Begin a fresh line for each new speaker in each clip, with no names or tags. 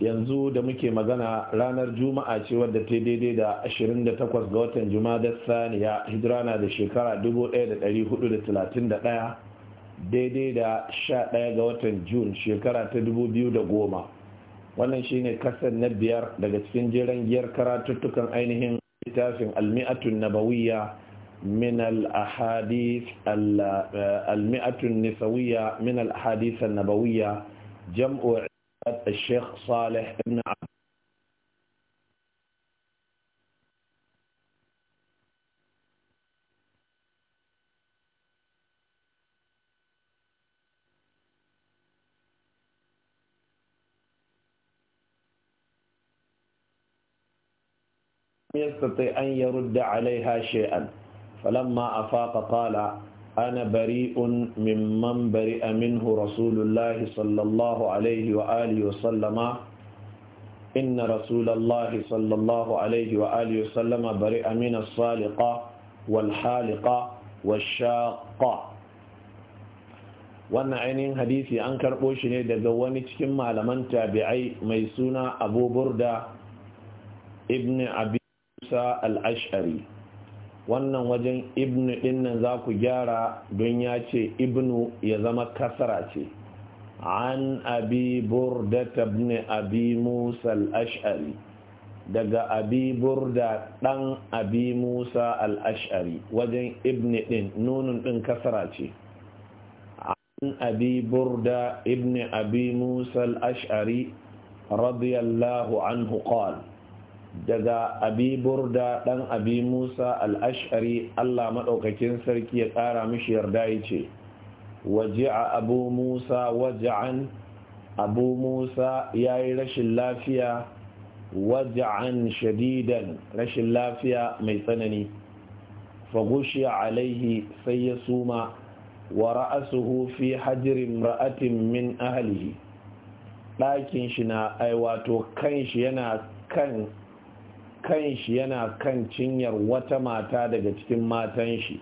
yanzu da muke magana ranar juma'a ce wadda ta daidai da 28 ga watan juma'a saniya hijira na da shekara 1431 daidai da 11 ga watan jun shekara ta 2010 wannan shine kasar na biyar daga cikin jiran giyar karatuttukan ainihin littafin almi'atun nabawiyya من الأحاديث المئة al من eh, الأحاديث الشيخ صالح بن عبد يستطيع أن يرد عليها شيئا فلما أفاق قال أنا بريء ممن برئ منه رسول الله صلى الله عليه وآله وسلم إن رسول الله صلى الله عليه وآله وسلم برئ من الصالقة والحالقة والشاقة wannan ainihin hadisi an karɓo shi ne daga wani cikin malaman tabi'ai mai suna abu burda ibn abi musa al-ash'ari wannan wajen ibnu dinnan za ku gyara don ya ce ibnu ya zama kasara ce an abi burda ta bne abi musa al daga abi burda dan abi musa al wajen Ibnu din nunun din kasara ce an abi burda Ibnu abi musa al-ash'ari radiyallahu anhu qala daga abi burda dan abi musa al'ashari allah maɗaukakin sarki ya ƙara mishi yarda ya ce waji'a abu musa waji'an abu musa ya yi rashin lafiya waji'an shadidan rashin lafiya mai tsanani fagushi alaihi sai ya suma wa ra'asuhu fi hajirin ra'atin min ahalihi ɗakin shi na aiwato kan shi yana kan kan shi yana kan cinyar wata mata daga cikin matan shi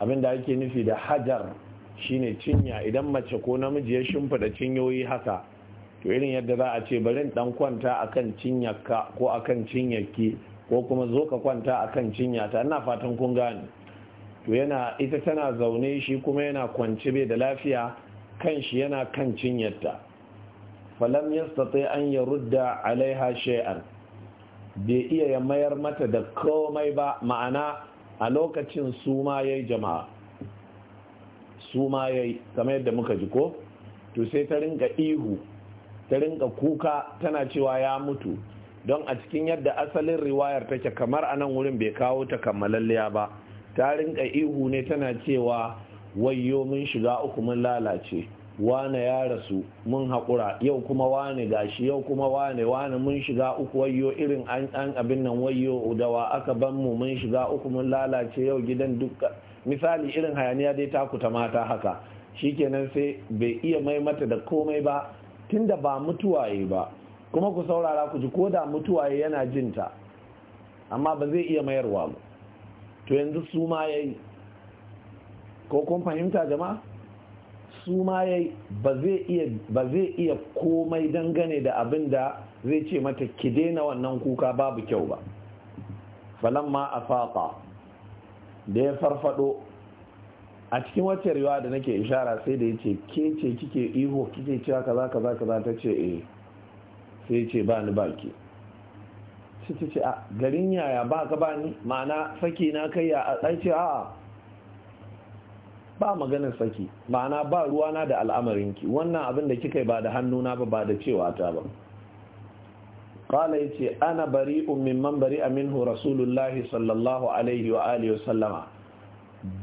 abinda ake nufi da hajar shine cinya idan mace ko namiji ya shimfida cinyoyi haka to irin yadda za a ce barin dan kwanta akan cinyarka ko akan cinyarki ko kuma zo ka kwanta akan ta ina fatan kun gane to yana ita tana zaune shi kuma yana kwance bai da lafiya kan shi yana kan cinyarta falam yastati an yarudda alaiha shay'an bai iya ya mayar mata da komai ba ma'ana a lokacin su ma yayi jama'a su ma yi kamar yadda muka ji ko to sai ta rinka ihu ta rinka kuka tana cewa ya mutu don a cikin yadda asalin riwayar take kamar a nan wurin bai kawo ta kammalalliya ba ta rinka ihu ne tana cewa wayyo mun shiga uku mun lalace wane ya rasu mun haƙura yau kuma wane gashi yau kuma wane wane mun shiga uku wayo irin an an abin nan wayo dawa aka ban mu mun shiga uku mun lalace yau gidan dukka misali irin hayaniya dai taku ta mata haka shi shikenan sai bai iya mai mata da komai ba tunda ba mutuwaye ba kuma ku saurara ku ji ko da mutuwaye yana jinta amma ba zai iya mayarwa ba to yanzu su ma yayi ko kun fahimta jama'a su ma ya ba zai iya komai dangane da abin da zai ce mata ki daina wannan kuka babu kyau ba falon ma a faƙa da ya farfado a cikin wacce riwa da nake ishara sai da ya ce ke ce kike iho kike cewa kaza kaza kaza ta ce e sai ce ba ni baki ke ce ce a garin yaya ba ka ba ni ma'ana saki na kai ya a ce a'a ba maganin saki ma'ana ba ruwana da al'amarinki wannan abin da kika ba da hannuna ba ba da cewa ta ba qala ce, ana bari bari'un man bari Aminu, rasulullahi sallallahu alaihi wa alihi wa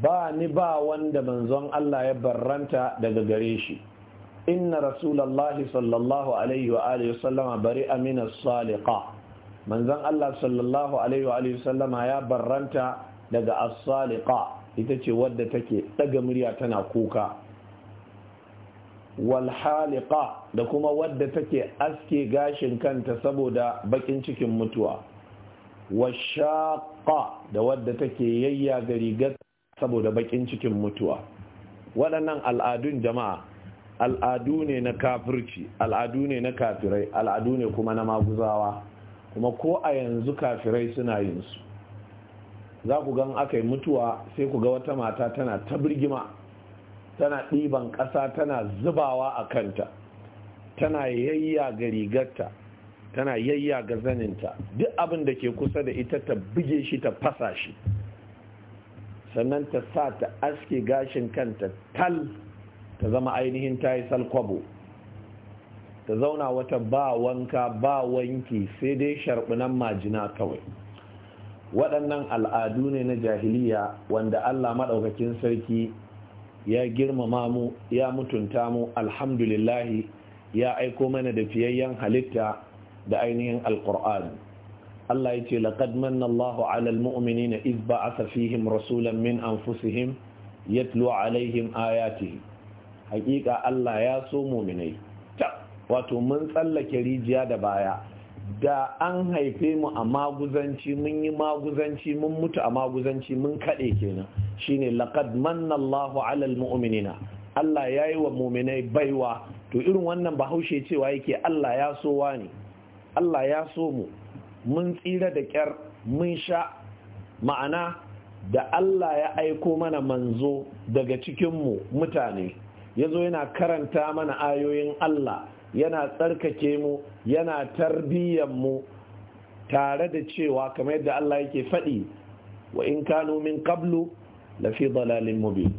ba ni ba wanda manzon Allah ya barranta daga gare shi inna rasulullahi sallallahu alaihi wa alihi wa sallama bari'a min as-saliqa manzon Allah sallallahu alaihi wa alihi wa ya barranta daga as-saliqa ita ce wadda take daga murya tana kuka walhaliqa da kuma wadda take aske gashin kanta saboda bakin cikin mutuwa washaqa da wadda take yayya rigar saboda bakin cikin mutuwa waɗannan al'adun jama'a al'adu ne na kafirci al'adu ne na kafirai al'adu ne kuma na maguzawa kuma ko a yanzu kafirai suna yin su za ku gan aka yi mutuwa sai ku ga wata mata tana ta birgima tana ɗiban ƙasa tana zubawa a kanta tana yayya ga rigarta tana yayya ga zaninta duk abin da ke kusa da ita ta buge shi ta fasa shi sannan ta sa ta aske gashin kanta tal ta zama ainihin ta yi salkwabo ta zauna wata ba wanka ba wanki sai dai sharɓunan majina kawai waɗannan al'adu ne na jahiliya wanda Allah maɗaukakin sarki ya girmama mu ya mutunta mu alhamdulillahi ya aiko mana da fiyayyen halitta da ainihin Alkur'an. Allah ya ce laqad manna Allahu 'alal mu'minina iz ba'atha fihim rasulan min anfusihim yatlu 'alaihim ayatihi haƙiƙa Allah ya so mu'minai wato mun tsallake rijiya da baya da an haife mu a maguzanci mun yi maguzanci mun mutu a maguzanci mun kaɗe kenan shine laqad manna Allahu 'alal mu'minina Allah yayi wa mu'minai baiwa to irin wannan bahaushe cewa yake Allah ya so wani Allah ya so mu mun tsira da kyar mun sha ma'ana da Allah ya aiko mana manzo daga cikin mu mutane yazo yana karanta mana ayoyin Allah yana tsarkake mu yana tarbiyyar mu tare da cewa kamar yadda Allah yake faɗi wa in kanu min qablu la fi dalalin mubin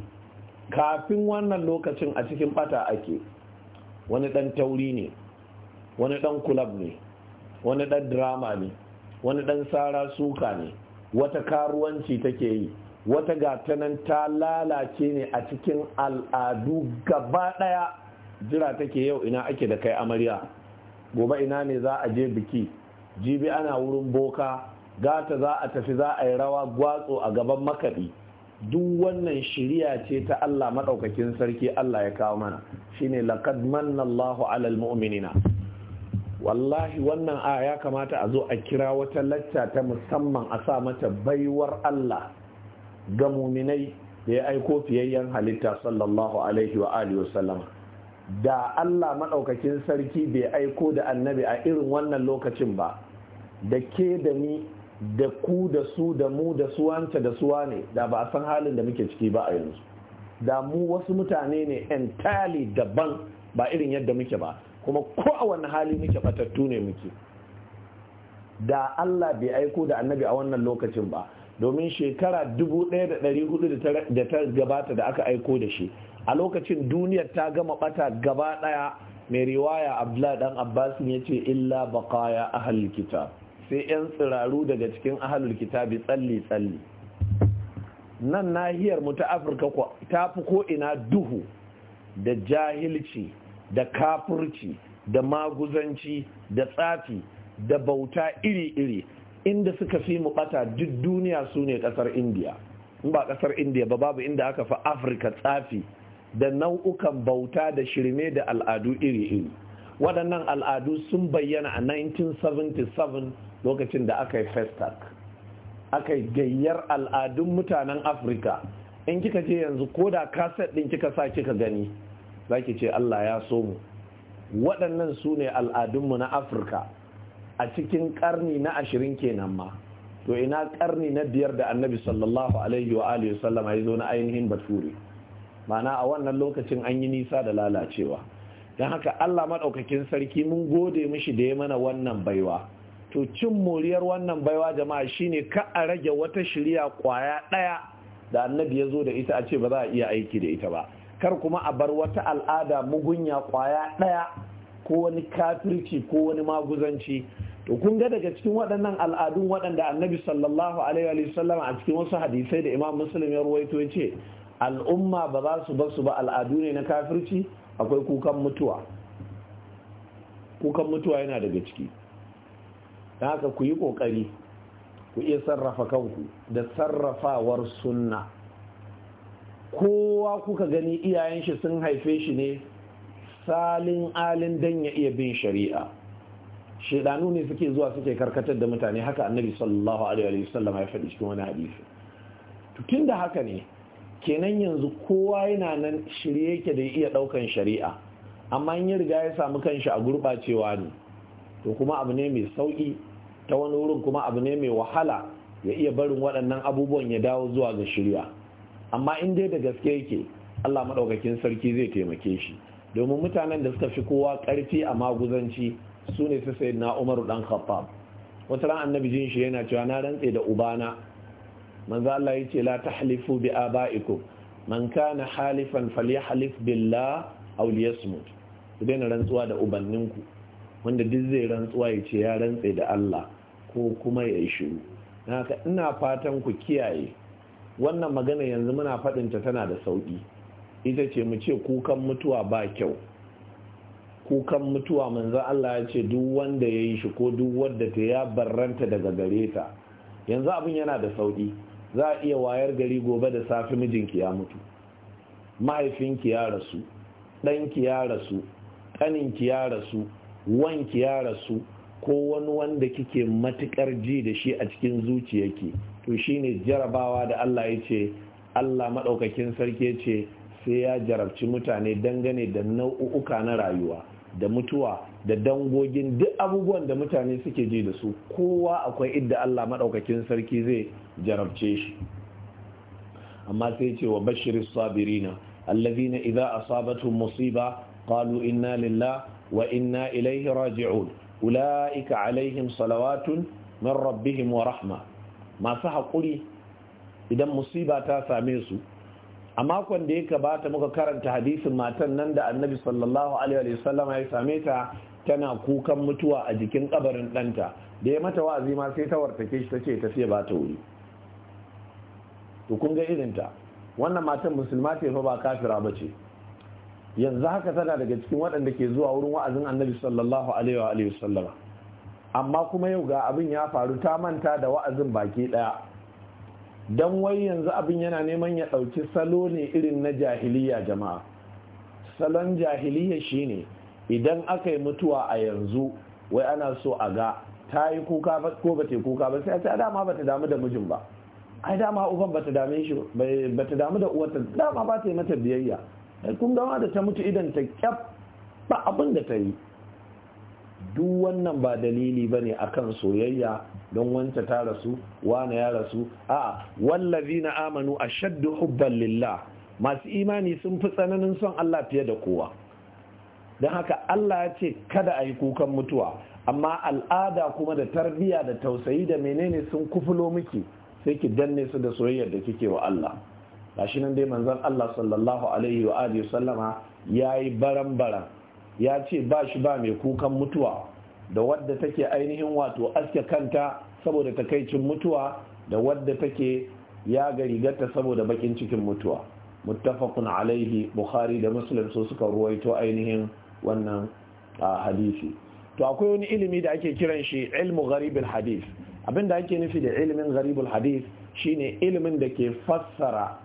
kafin wannan lokacin a cikin bata ake wani dan tauri ne wani dan kulab ne wani ɗan drama ne wani dan sara suka ne wata karuwanci take yi wata gatanan ta lalace ne a cikin al'adu gaba ɗaya. jira take yau ina ake da kai amarya gobe ina ne za a je biki jibi ana wurin boka gata za a tafi za a yi rawa gwatso a gaban makaɗi duk wannan shirya ce ta Allah maɗaukakin sarki Allah ya kawo mana shine laqad manna Allahu alal mu'minina wallahi wannan aya ya kamata a zo a kira wata lacca ta musamman a sa mata baiwar Allah ga muminai da ya aiko fiyayyen halitta sallallahu alaihi wa alihi wa da Allah maɗaukakin sarki bai aiko da annabi a irin wannan lokacin ba da ke da ni da ku da su da mu da suwanta da suwa ne da ba a san halin da muke ciki ba a yanzu da mu wasu mutane ne entirely daban ba irin yadda muke ba kuma ko a wani hali muke batattu ne muke da Allah bai aiko da annabi a wannan lokacin ba domin shekara 1400 da ta gabata da aka aiko da shi a lokacin duniyar ta gama bata gaba daya mai riwaya abdullahi dan abbas ne ce illa baqaya ahlul kitab sai yan tsiraru daga cikin ahlul bi tsalli tsalli nan nahiyar mu ta afirka ta fi ko ina duhu da jahilci da kafurci da maguzanci da tsafi da bauta iri-iri inda suka fi mu bata duk duniya su ne kasar indiya in ba kasar indiya ba babu inda aka fi afirka tsafi da nau'ukan bauta da shirme da al'adu iri-iri waɗannan al'adu sun bayyana a 1977 lokacin da aka yi festac aka yi gayyar al'adun mutanen afirka in kika je yanzu ko da kaset ɗin kika sa kika gani za ki ce allah ya so mu waɗannan su ne al'adunmu na afirka a cikin ƙarni na ashirin kenan ma to ina ƙarni na biyar da annabi sallallahu alaihi wa wasallama ya zo na ainihin baturi mana a wannan lokacin an yi nisa da lalacewa don haka Allah maɗaukakin sarki mun gode mishi da ya mana wannan baiwa to cin moriyar wannan baiwa jama'a shine ka a rage wata shirya kwaya ɗaya da annabi ya zo da ita a ce ba za a iya aiki da ita ba kar kuma a bar wata al'ada mugunya kwaya ɗaya ko wani kafirci ko wani maguzanci to kun ga daga cikin waɗannan al'adun waɗanda annabi sallallahu alaihi wa sallam a cikin wasu hadisai da imam muslim ya ruwaito ya ce al'umma ba za su su ba al'adu ne na kafirci akwai kukan mutuwa kukan mutuwa yana daga ciki don haka ku yi ƙoƙari ku iya sarrafa kanku da sarrafawar sunna kowa kuka gani iyayen shi sun haife shi ne salin alin dan ya iya bin shari'a shedanu ne suke zuwa suke karkatar da mutane haka annabi sallallahu alaihi wasallam ya faɗi cikin wani hadisi tun da haka ne kenan yanzu kowa yana nan shirye yake da iya daukan shari'a amma in ya riga ya samu kanshi a gurɓacewa ne to kuma abu ne mai sauki ta wani wurin kuma abu ne mai wahala ya iya barin waɗannan abubuwan ya dawo zuwa ga shirya amma in dai da gaske yake Allah maɗaukakin sarki zai taimake shi domin mutanen da suka fi kowa ƙarfi a maguzanci su ne su sayi na umaru ɗan wata ran annabi jin shi yana cewa na rantse da ubana manzo Allah yace la tahlifu bi abaikum man kana halifan falyahlif billah aw liyasmut idan rantsuwa da ubanninku wanda duk zai rantsuwa ya ce ya rantse da Allah ko kuma ya shiru haka ina fatan ku kiyaye wannan magana yanzu muna faɗin ta tana da sauƙi ita ce mu ce kukan mutuwa ba kyau kukan mutuwa manzo Allah ya ce duk wanda ya yi shi ko duk wanda ta ya barranta daga gare ta yanzu abin yana da sauƙi za a iya wayar gari gobe da safe mijinki ya mutu mahaifinki ya rasu ɗanki ya rasu ƙaninki ya rasu wanki ya rasu ko wani wanda kike matuƙar ji da shi a cikin zuciyarki to shine jarabawa da Allah ya ce Allah maɗaukakin sarki ce sai ya jarabci mutane dangane da nau'uka na rayuwa da mutuwa da dangogin duk abubuwan da mutane suke ji da su kowa akwai idda Allah maɗaukakin sarki zai jarabce shi amma sai ce wa bashirin sabirina allazina idza asabatuhum musiba qalu inna lillahi wa inna ilaihi raji'un ulaika alaihim salawatun min rabbihim wa rahma masu haƙuri idan musiba ta same su a makon da ya gabata muka karanta hadisin matan nan da annabi sallallahu alaihi ya same ta tana kukan mutuwa a jikin kabarin ɗanta da ya mata wa'azi ma sai ta wartake shi ta ce tafiya ba ta wuri to kun ga irinta wannan matan musulma ce fa ba kafira ba ce yanzu haka tana daga cikin waɗanda ke zuwa wurin wa'azin annabi sallallahu alaihi wa sallama amma kuma yau ga abin ya faru ta manta da wa'azin baki ɗaya don wai yanzu abin yana neman ya ɗauki salo ne irin na jahiliya jama'a salon jahiliya shine idan aka yi mutuwa a yanzu wai ana so a ga ta yi kuka ko ba ta yi kuka ba sai a ce dama ba ta damu da mijin ba ai dama uban ba ta dame shi ba ta damu da uwarta dama ba ta yi mata biyayya kun gama da ta mutu idan ta kyaf ba abin da ta yi duk wannan ba dalili ba ne akan soyayya don wanta ta rasu wane ya rasu a wallazi na amanu a shaddu hubban lillah masu imani sun fi tsananin son Allah fiye da kowa don haka Allah ya ce kada a yi kukan mutuwa amma al'ada kuma da tarbiyya da tausayi da menene sun kufulo miki sai ki danne su da soyayyar da kike wa Allah gashi nan dai manzon Allah sallallahu alaihi wa alihi sallama yayi baran baran ya ce ba shi ba mai kukan mutuwa da wadda take ainihin wato aske kanta saboda takaicin mutuwa da wadda take ya ga rigarta saboda bakin cikin mutuwa muttafaqun alaihi bukhari da muslim su suka ruwaito ainihin wannan hadisi to akwai wani ilimi da ake kiran shi ilmu gharibul hadis abinda ake nufi da ilimin gharibul hadis shine ilimin da ke fassara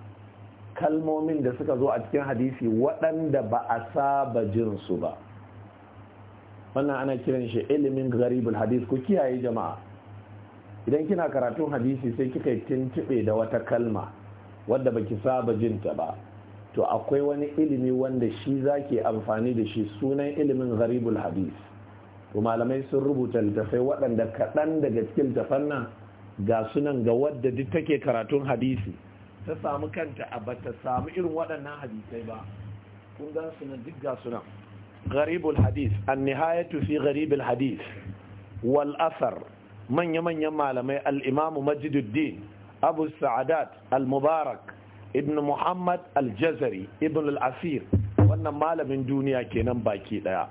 kalmomin da suka zo a cikin hadisi waɗanda ba a saba jin su ba wannan ana kiran shi ilimin gharibul hadis ku kiyaye jama'a idan kina karatun hadisi sai kika yi tuntube da wata kalma wadda baki saba jinta ba to akwai wani ilimi wanda shi zaki amfani da shi sunan ilimin gharibul hadis to malamai sun rubuta littafai waɗanda kaɗan daga cikin littafan nan ga sunan ga wadda duk take karatun hadisi ta samu kanta a ta samu irin waɗannan hadisai ba kun gan sunan duk ga sunan gharibul hadis an nihayatu fi gharibul hadis wal asar manya-manyan malamai al-imamu majiduddin abu sa'adat al-mubarak ibn muhammad al-jazari ibn al-asir wannan malamin duniya kenan baki daya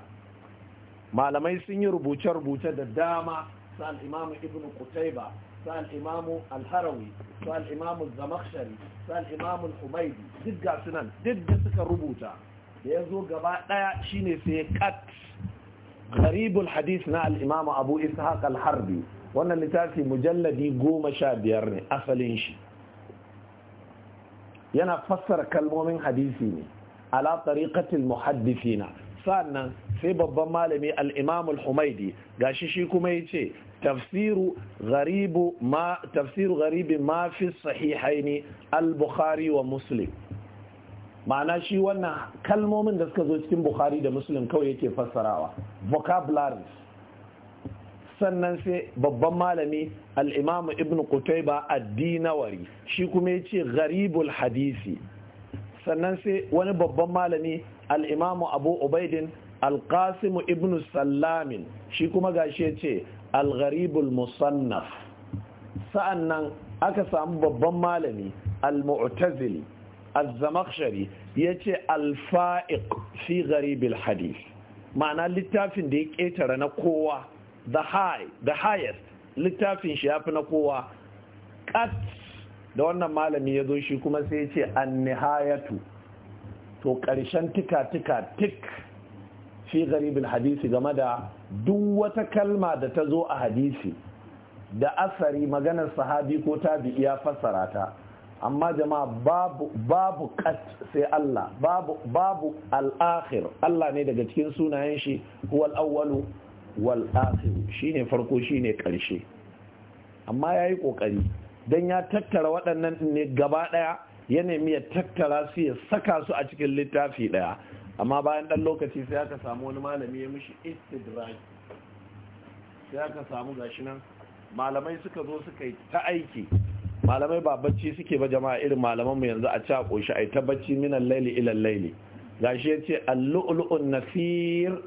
malamai sun yi rubuce-rubuce da dama sa'al imamu ibn Kutaiba. sa'al imamu al-harawi sa'al imamu zamakhshari sa'al imamu al-humaydi duk ga sunan duk da suka rubuta da ya gaba daya shine sai kat gharibul hadith na al-imamu abu ishaq al-harbi wannan littafi mujalladi goma sha biyar ne asalin shi yana fassara kalmomin hadisi ne ala tariqatil muhaddithina sannan sai babban malami al-imam al-humaidi gashi shi kuma yace tafsiru gharibu ma tafsiru gharibi ma fi sahihaini al-bukhari wa muslim ma'ana shi wannan kalmomin da suka zo cikin bukhari da muslim kawai yake fassarawa vocabularies sannan sai babban malami al'imamu ibn kutaiba addinawari shi kuma ya ce garibul hadisi sannan sai wani babban malami al'imamu abu ubaidin alƙasimu ibn sallamin shi kuma gashi ya ce algharibul musannaf nan aka samu babban malami al mutazil al zamakshari ya ce alfa'iq fi gharibul hadisi ma'ana littafin da ya ƙetare na kowa the high the highest littafin shi yafi na kowa kat da wannan malami ya zo shi kuma sai ya ce an nihayatu to ƙarshen tika-tika tik fi garibin hadisi game da duk wata kalma da ta zo a hadisi da asari maganar sahabi ko tabi ya fassara ta amma jama'a babu babu kat sai Allah babu babu al-akhir Allah ne daga cikin sunayen shi huwal awwalu wal akhir shine farko shine ƙarshe, amma yayi kokari dan ya tattara waɗannan ne gaba ɗaya, ya nemi ya tattara su ya saka su a cikin littafi ɗaya. amma bayan ɗan lokaci sai aka samu wani malami ya mishi istidraj sai aka samu gashi nan malamai suka zo suka yi ta aiki malamai ba bacci suke ba jama'a irin malamanmu yanzu a cako. koshi a ta bacci minan laili ilan laili gashi ya ce allu'ulu'un nasir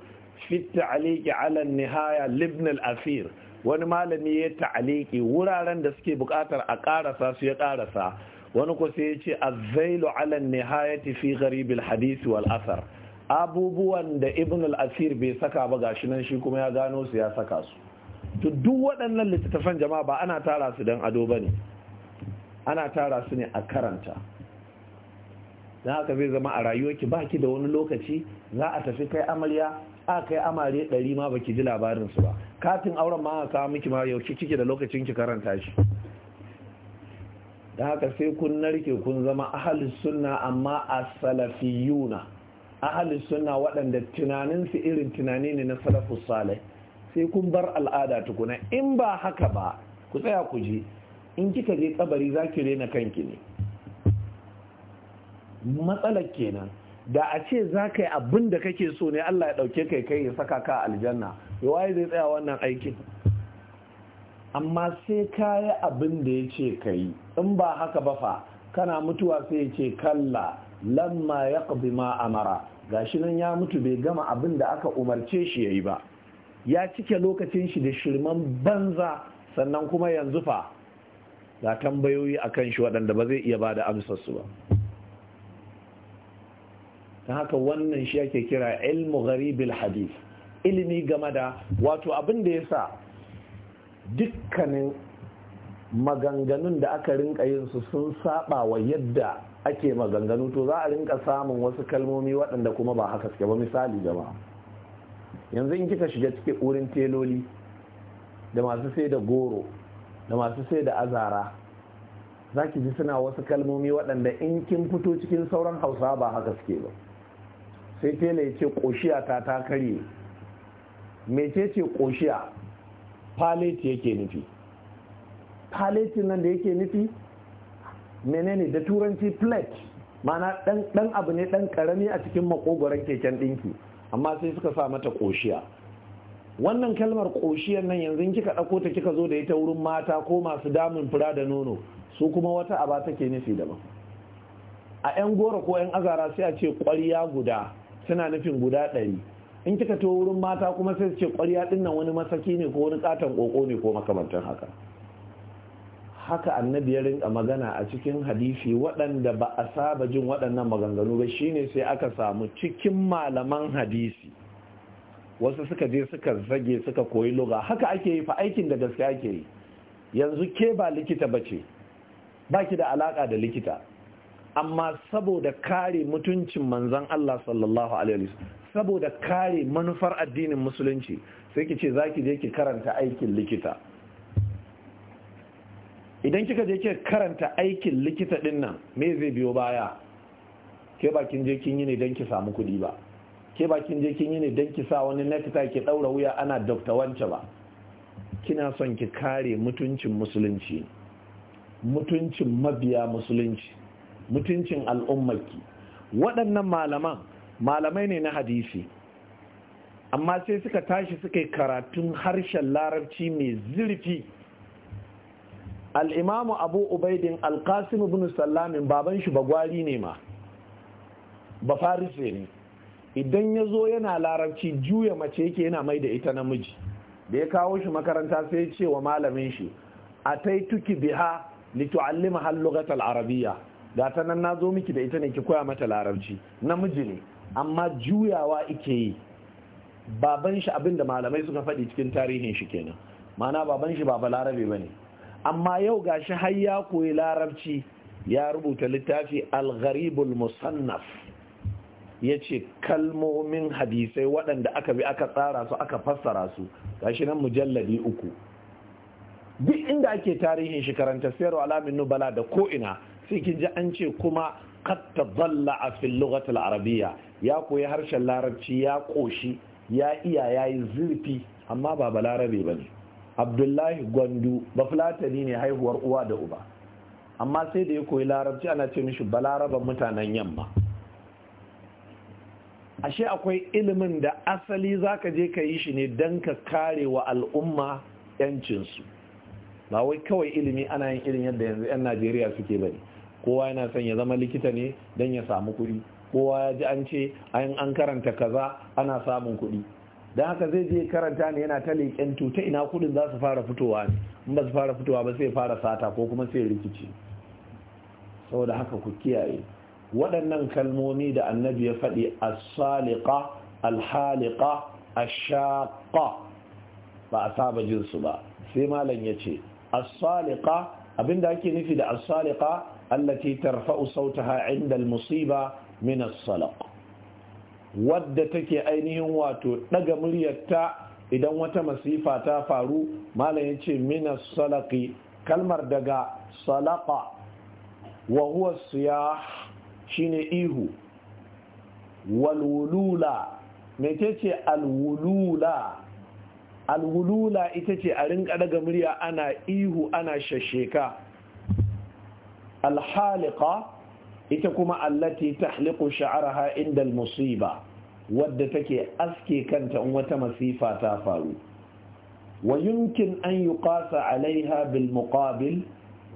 Fitta Aliki ala nihaya libn al-asir wani malami ya ta'aliki wuraren da suke bukatar a karasa su ya karasa wani ko sai ya ce azzailu ala nihayati fi al hadisi wal athar abubuwan da ibn al-asir bai saka ba gashi nan shi kuma ya gano su ya saka su to duk waɗannan littattafan jama'a ba ana tara su dan ado bane ana tara su ne a karanta dan haka zai zama a rayuwarki baki da wani lokaci za a tafi kai amarya aka kai amare ɗari ma baki ji labarin su ba katin auren ma kawo miki ma yaushe kike da lokacin ki karanta shi da haka sai kun narke kun zama ahli sunna amma as-salafiyuna ahli sunna waɗanda tunanin su irin tunani ne na Salafu salih sai kun bar al'ada tukuna in ba haka ba ku tsaya ku ji in kika je kabari zaki rena kanki ne matsalar kenan da a ce za ka yi abin da kake so ne Allah ya ɗauke kai kai ya saka ka aljanna waye zai tsaya wannan aikin amma sai ka yi abin da ya ce ka yi in ba haka ba fa kana mutuwa sai ya ce kalla lamma ya ma amara gashi nan ya mutu bai gama abin da aka umarce shi ya yi ba ya cike lokacin shi da shirman banza sannan kuma yanzu fa ga tambayoyi akan shi waɗanda ba zai iya ba da amsarsu ba don haka wannan shi ake kira ilmu gharibil hadith ilimi game da wato abin da ya sa dukkanin maganganun da aka rinka yin su sun saba wa yadda ake maganganu to za a rinka samun wasu kalmomi waɗanda kuma ba haka suke ba misali gaba yanzu in kika shiga cikin wurin teloli da masu sai da goro da masu sai da azara za ki ji suna wasu kalmomi waɗanda in kin fito cikin sauran hausa ba haka suke ba sai tela ya ce ƙoshiya ta ta karye mece ce ƙoshiya paleti yake nufi paletin nan da yake nufi menene da turanci plate mana ɗan abu ne ɗan ƙarami a cikin makogoron keken ɗinki amma sai suka sa mata ƙoshiya wannan kalmar ƙoshiyar nan yanzu kika ɗauko ta kika zo da ita wurin mata ko masu damun fura da nono su kuma wata aba take nufi daban a 'yan goro ko 'yan azara sai a ce ƙwarya guda suna nufin guda ɗari in kika to wurin mata kuma sai su ce ƙwarya ɗin nan wani masaki ne ko wani katon ƙoƙo ne ko makamantan haka haka annabi ya rinka magana a cikin hadisi waɗanda ba a saba jin waɗannan maganganu ba shine sai aka samu cikin malaman hadisi wasu suka je suka zage suka koyi luga haka ake yi fa aikin da gaske ake yi yanzu ke ba likita bace baki da alaka da likita amma saboda kare mutuncin manzan Allah sallallahu alaihi saboda kare manufar addinin musulunci sai ki ce za ki je ki karanta aikin likita idan kika je ki karanta aikin likita din nan me zai biyo baya ke bakin je kin yi ne don ki samu kuɗi ba ke bakin je kin yi ne don ki sa wani nekta ki daura wuya ana dokta wance ba kina son ki kare mutuncin musulunci mutuncin mabiya musulunci mutuncin al'ummarki waɗannan malaman malamai ne na hadisi amma sai suka tashi suka yi karatun harshen larabci mai zurfi al'imamu abu ubaidin alkasim bin sallamin baban shi bagwari ne ma ba farise ne idan ya zo yana larabci juya mace yake yana mai da ita namiji da ya kawo shi makaranta sai ce wa malamin shi a taituki biha litu'allima hallugatal arabiyya Da ta nan na zo miki da ita ne ki koya mata larabci namiji ne amma juyawa ike yi baban shi abinda malamai suka faɗi cikin tarihin shi kenan mana baban shi baba larabe bane amma yau gashi har ya koyi larabci ya rubuta littafi al-gharibul musannaf yace kalmomin hadisai waɗanda aka bi aka tsara su aka fassara su gashi nan mujalladi uku duk inda ake tarihin shi karanta sayarwa alamin nubala da ko ina. sai kin ji an ce kuma katta balla a fil lughati arabiyya ya koyi harshen larabci ya ƙoshi, ya iya ya yi zurfi amma ba balarabe ba ne. abdullahi gwandu bafulatani ne haihuwar uwa da uba amma sai da ya koyi larabci ana ce mishi balaraban mutanen yamma ashe akwai ilimin da asali zaka je ka yi shi ne don ka kare wa al'umma yancinsu ba wai kawai ilimi ana yin irin yadda yanzu 'yan najeriya suke bane kowa yana son ya zama likita ne don ya samu kuɗi kowa ya ji an ce an karanta kaza ana samun kuɗi don haka zai je karanta ne yana ta leƙen tuta ina kuɗin za su fara fitowa ne in ba su fara fitowa ba sai fara sata ko kuma sai rikici saboda haka ku kiyaye waɗannan kalmomi da annabi ya faɗi as-saliqa al-haliqa ash ba a saba jin ba sai malam ya ce as-saliqa abinda ake nufi da as allati tarfa'u sautaha inda musiba min as-salaq wadda take ainihin wato daga muryarta idan wata masifa ta faru malam yace min as-salaqi kalmar daga salaqa wa huwa shine ihu wal wulula mecece al wulula al ita ce a rinka daga murya ana ihu ana shasheka alhaliqa ita kuma allati tahliqu sha'raha inda almusiba wadda take aske kanta in wata masifa ta faru wa yumkin an yuqasa alaiha bil muqabil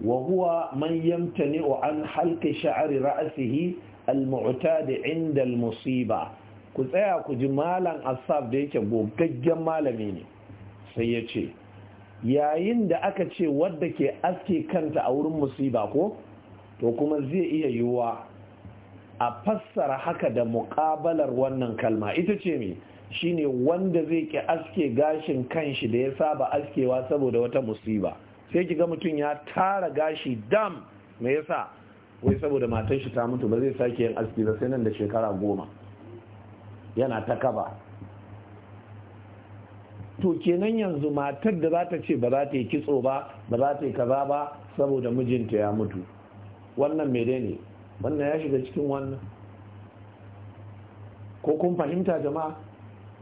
wa huwa man yamtani'u an halqi sha'ri ra'sihi al mu'tad inda al musiba ku tsaya ku ji malam asaf da yake boggaggen malami ne sai ya ce yayin da aka ce wadda ke aske kanta a wurin musiba ko to kuma zai iya yiwuwa a fassara haka da muƙabalar wannan kalma ita ce mai shi ne wanda zai ki aske gashin kanshi da ya saba askewa saboda wata musiba sai ki ga mutum ya tara gashi dam me yasa wai saboda matan shi ta mutu ba zai sake yin aski ba sai nan da shekara goma yana ta kaba to kenan yanzu matar da za ta ce ba za ta yi kitso ba ba za ta yi kaza ba saboda mijinta ya mutu wannan mede ne wannan ya shiga cikin wannan ko kun fahimta jama'a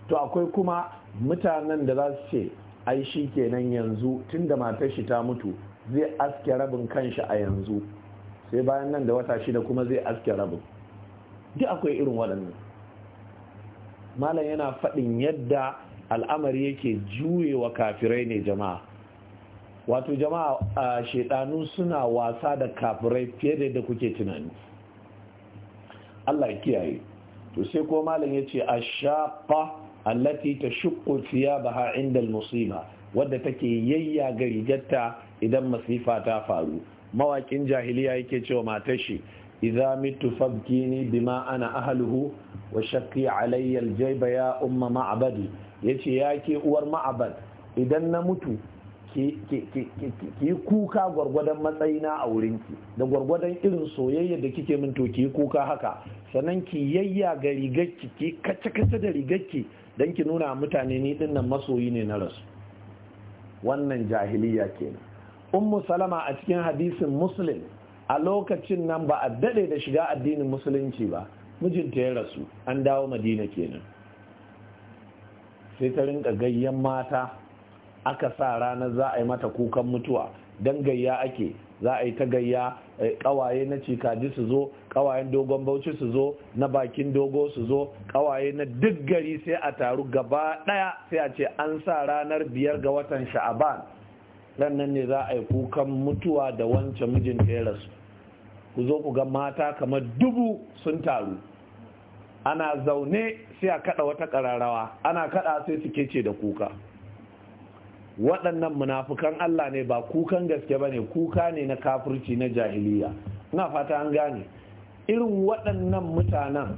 to akwai kuma mutanen da za su ce ai shi kenan yanzu tun da matar shi ta mutu zai aske rabin kanshi a yanzu sai bayan nan da wata shida kuma zai aske rabin duk akwai irin waɗannan malam yana faɗin yadda al'amari yake juyewa kafirai ne jama'a wato jama'a a shaidanu suna wasa da kafirai fiye da yadda kuke tunani Allah ya kiyaye to sai ko malam yace ashaqqa allati tashuqqu thiyabaha 'inda al-musiba wadda take yayya ga rigarta idan masifa ta faru mawakin jahiliya yake cewa matar shi idza mitu fabkini bima ana ahluhu wa shaqqi alayya al-jayba ya umma ma'badi yace yake uwar ma'abad. idan na mutu ki yi kuka gwargwadon matsayina a wurin ki, da gwargwadon irin soyayya da kike min to ki yi kuka haka sannan ki yayya ga rigarki ki kace kace da rigarki dan ki nuna mutane ni nan masoyi ne na rasu wannan jahiliya kenan ummu salama a cikin hadisin muslim a lokacin nan ba a dade da shiga addinin musulunci ba mijinta ya rasu an dawo madina kenan sai ta rinka gayyan mata aka sa ranar za a yi mata kukan mutuwa dan gayya ake za a yi ta gayya kawaye eh, na cikaji su zo kawayen dogon bauchi su zo na bakin dogo su zo kawaye na duk gari sai a taru gaba daya sai a ce an sa ranar biyar ga watan sha'aban nan ne za a yi kukan mutuwa da wancan mijin ya rasu ku zo ku ga mata kamar dubu sun taru ana zaune sai a kada wata kararawa ana kada sai su kece da kuka waɗannan munafukan Allah ne ba kukan gaske ba ne kuka ne na kafirci na jahiliya na fata an gane irin waɗannan mutanen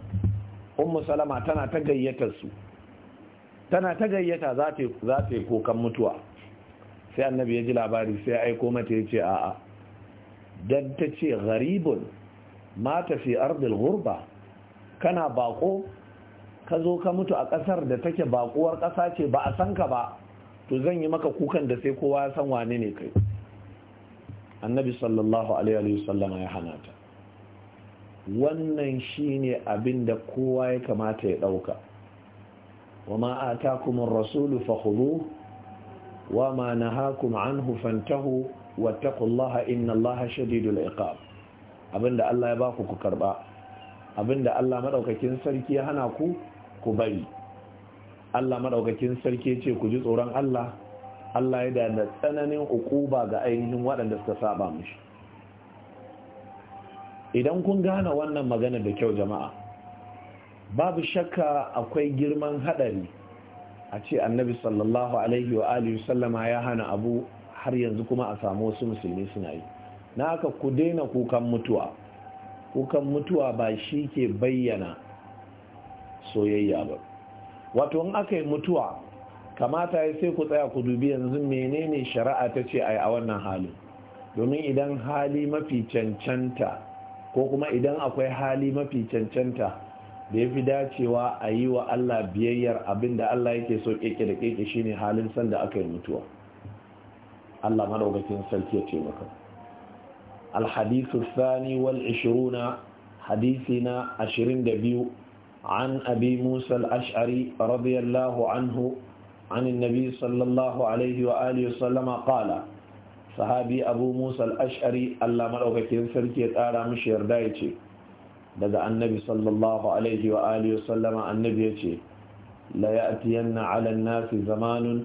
ummu salama tana ta gayyata su tana ta gayyata za ta yi kokan mutuwa sai annabi ya ji labari sai aiko mata ya ce a'a don ta ce ma mata fi ardil gurba kana bako ka zo ka mutu a ƙasar da take bakuwar ƙasa ce ba a san ka ba to zan yi maka kukan da sai kowa ya san wane ne kai annabi sallallahu alaihi wasallama ya hana wannan shine abin da kowa ya kamata ya dauka wa ma atakumur ar-rasul fakhudhu wa ma nahakum anhu fantahu wattaqullaha innallaha shadidul iqab abinda Allah ya baku ku karba abinda Allah madaukakin sarki ya hana ku ku bari Allah madaukakin sarki ce ku ji tsoron Allah Allah ya da tsananin ukuba ga ainihin waɗanda suka saba mishi idan kun gane wannan magana da kyau jama'a babu shakka akwai girman hadari a ce annabi sallallahu alaihi wa alihi sallama ya hana abu har yanzu kuma a samu wasu musulmi suna yi na haka ku daina kukan mutuwa kukan mutuwa ba shi ke bayyana soyayya ba wato in aka yi mutuwa kamata ya sai ku tsaya ku dubi yanzu menene shari'a ta ce a wannan hali? domin idan hali mafi cancanta ko kuma idan akwai hali mafi cancanta da ya fi dacewa a yi wa Allah biyayyar abin da Allah yake so keke da keke shine halin sanda aka yi mutuwa Allah madaukakin sarki ya ce maka al-hadithu wal 20 hadisi na عن أبي موسى الأشعري رضي الله عنه عن النبي صلى الله عليه وآله وسلم قال صحابي أبو موسى الأشعري الله ملوك كنسر كيتارا مشير دايتي بدأ النبي صلى الله عليه وآله وسلم النبي يتي لا يأتين على الناس زمان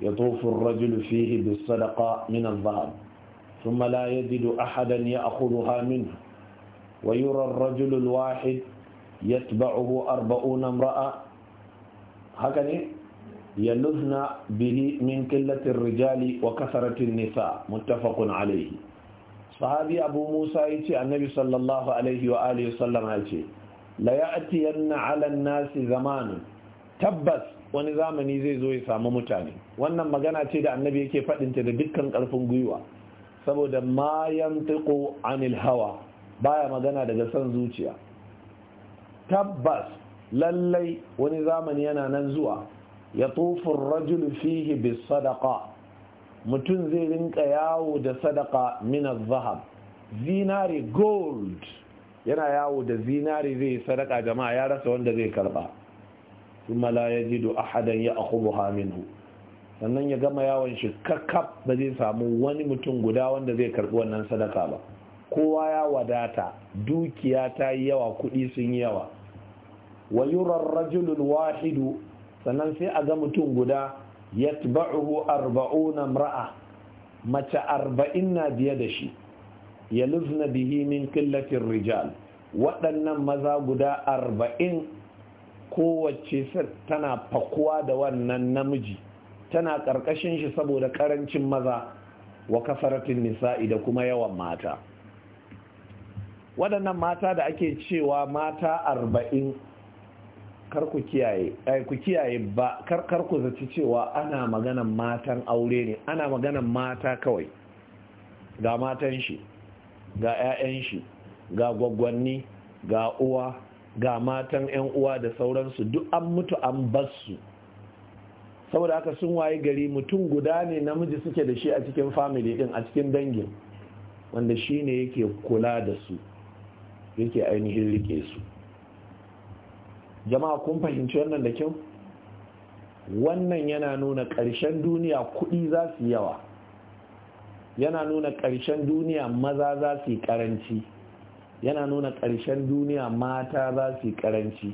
يطوف الرجل فيه بالصدقة من الذهب ثم لا يجد أحدا يأخذها منه ويرى الرجل الواحد yatba'uhu arba'una imra'a haka ne yaluzna bili min qillati rijali wa kasarati nisa muttafaqun alayhi sahabi abu musa yace annabi sallallahu alaihi wa alihi wasallam yace la ya'tiyanna 'ala an-nasi zamanun tabbas wani zamani zai zo ya samu mutane wannan magana ce da annabi yake faɗinta da dukkan ƙarfin gwiwa saboda ma yantiqu 'anil hawa baya magana daga son zuciya tabbas lallai wani zamani yana nan zuwa ya tufin rajul fihi bi sadaka mutum zai rinka yawo da sadaka minas zahab zinari gold yana yawo da zinari zai sadaka jama'a ya rasa wanda zai karba kuma la a hadan ya akhudha minhu sannan ya gama yawon shi ba zai samu wani mutum guda wanda zai karbi wannan sadaka ba kowa ya wadata dukiya ta yi yawa kuɗi sun yi yawa wa yurar rajulul wahidu sannan sai a ga mutum guda yatba'uhu arba'una imra'a mace arba'in na biye da shi ya bihi min rijal waɗannan maza guda arba'in kowace tana fakuwa da wannan namiji tana ƙarƙashin shi saboda ƙarancin maza wa kafaratin nisa'i da kuma yawan mata waɗannan mata da ake cewa mata arba'in kar ku kiyaye eh, ku kiyaye ba kar kar ku zaci cewa ana maganan matan aure ne ana maganan mata kawai ga matan shi ga 'ya'yan shi ga gwaggwanni ga uwa ga matan ƴan uwa da sauransu duk an mutu an su saboda haka sun waye gari mutum guda ne namiji suke da shi a cikin family din a cikin dangin wanda shi ne yake kula da su yake ainihin rike su jama'a kun fahimci wannan da kyau wannan yana nuna ƙarshen duniya kuɗi za su yawa yana nuna ƙarshen duniya maza za su yi ƙaranci yana nuna ƙarshen duniya mata za su yi ƙaranci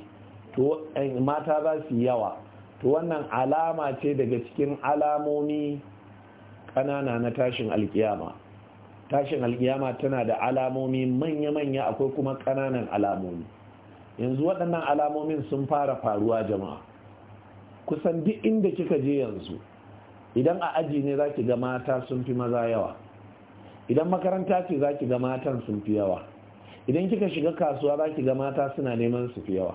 eh, mata za su yawa to wannan alama ce daga cikin alamomi ƙanana na tashin alƙiyama. tashin alkiyama tana da alamomi manya-manya akwai kuma ƙananan alamomi yanzu waɗannan alamomin sun fara faruwa jama'a kusan duk inda kika je yanzu idan a aji ne za ki ga mata sun fi maza yawa idan makaranta ce za ki ga matan sun fi yawa idan kika shiga kasuwa za ki ga mata suna neman su fi yawa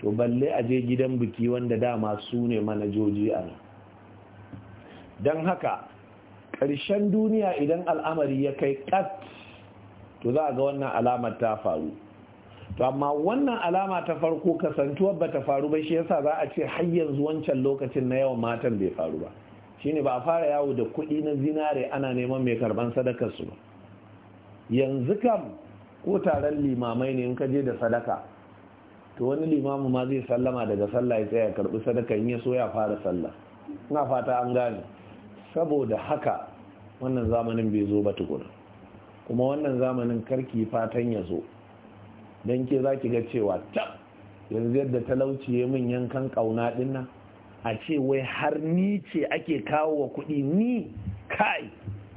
to balle a je gidan biki wanda dama su ne manajoji a nan don haka ƙarshen duniya idan al'amari ya kai ƙat to za a ga wannan alamar ta faru to amma wannan alama ta farko kasantuwar ba ta faru ba shi yasa za a ce har yanzu wancan lokacin na yawan matan bai faru ba shine ba a fara yawo da kuɗi na zinare ana neman mai karban sadakar su ba yanzu kam ko taron limamai ne in ka je da sadaka to wani limamu ma zai sallama daga sallah ya tsaya karbi sadaka in ya so ya fara sallah ina fata an gane saboda haka wannan zamanin bai zo ba tukuna kuma wannan zamanin karki fatan ya zo don ke za ki ga cewa ta yanzu yadda talauci ya min yankan kauna dinna a ce wai har ni ce ake kawo wa kuɗi ni kai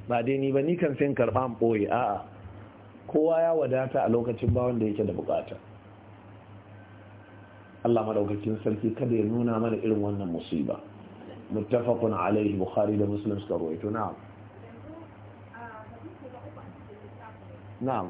ba dai ni ba ni kan sai boye a a'a kowa ya wadata a lokacin ba wanda yake da bukata Allah madaukakin sarki kada ya nuna mana irin wannan musiba muttafaqun alaihi bukhari da muslim suka rawaito na'am na'am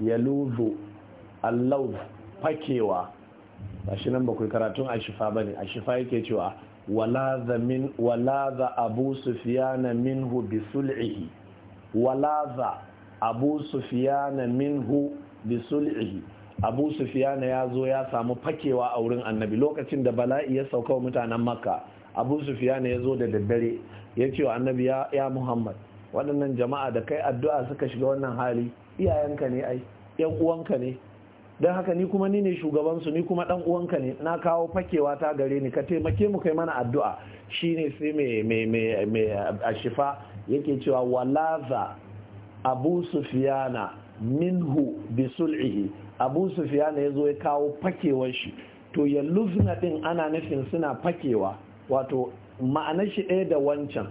yaluzu allauz fakewa shi nan bakwai karatun a ne a shifa yake cewa walaza min walaza abu sufyana minhu bi sul'ihi walaza abu sufyana minhu bi sul'ihi abu sufiyana ya zo ya samu fakewa a wurin annabi lokacin da bala'i ya sauka wa mutanen makka abu sufiyana ya zo da daddare ya ce wa annabi ya muhammad waɗannan jama'a da kai addu'a suka shiga wannan hali iyayenka ne ai yan uwanka ne don haka ni kuma ni ne shugabansu ni kuma dan uwanka ne na kawo fakewa ta gare ni ka taimake mu kai mana addu'a shine sai mai mai mai mai ashifa yake cewa walaza abu sufiyana minhu bi sul'ihi abu sufiyana yazo ya kawo fakewar shi to ya luzna din ana nufin suna fakewa wato ma'anar shi ɗaya da wancan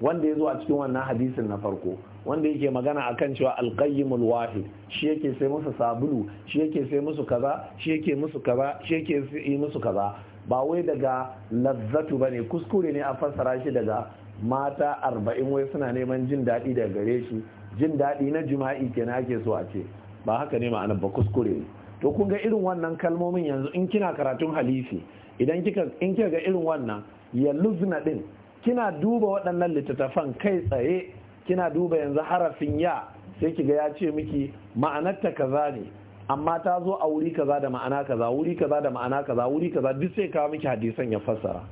wanda ya zo a cikin wannan hadisin na farko wanda yake magana a kan cewa alqayyimul wahid shi yake sai musu sabulu shi yake sai musu kaza shi yake musu kaza shi yake yi musu kaza ba wai daga lazzatu bane kuskure ne a fassara shi daga mata arba'in wai suna neman jin daɗi daga gare shi jin daɗi na jima'i kenan ake so a ce ba haka ne ma'anar ba kuskure ne to kun ga irin wannan kalmomin yanzu in kina karatun halifi idan kika in kika ga irin wannan ya luzna din kina duba waɗannan littattafan kai tsaye kina duba yanzu harafin ya sai kiga ya ce miki ma'anarta kaza ne amma ta zo a wuri kaza da ma'ana kaza wuri kaza da ma'ana kaza wuri kaza duk sai kawo miki hadisan ya fassara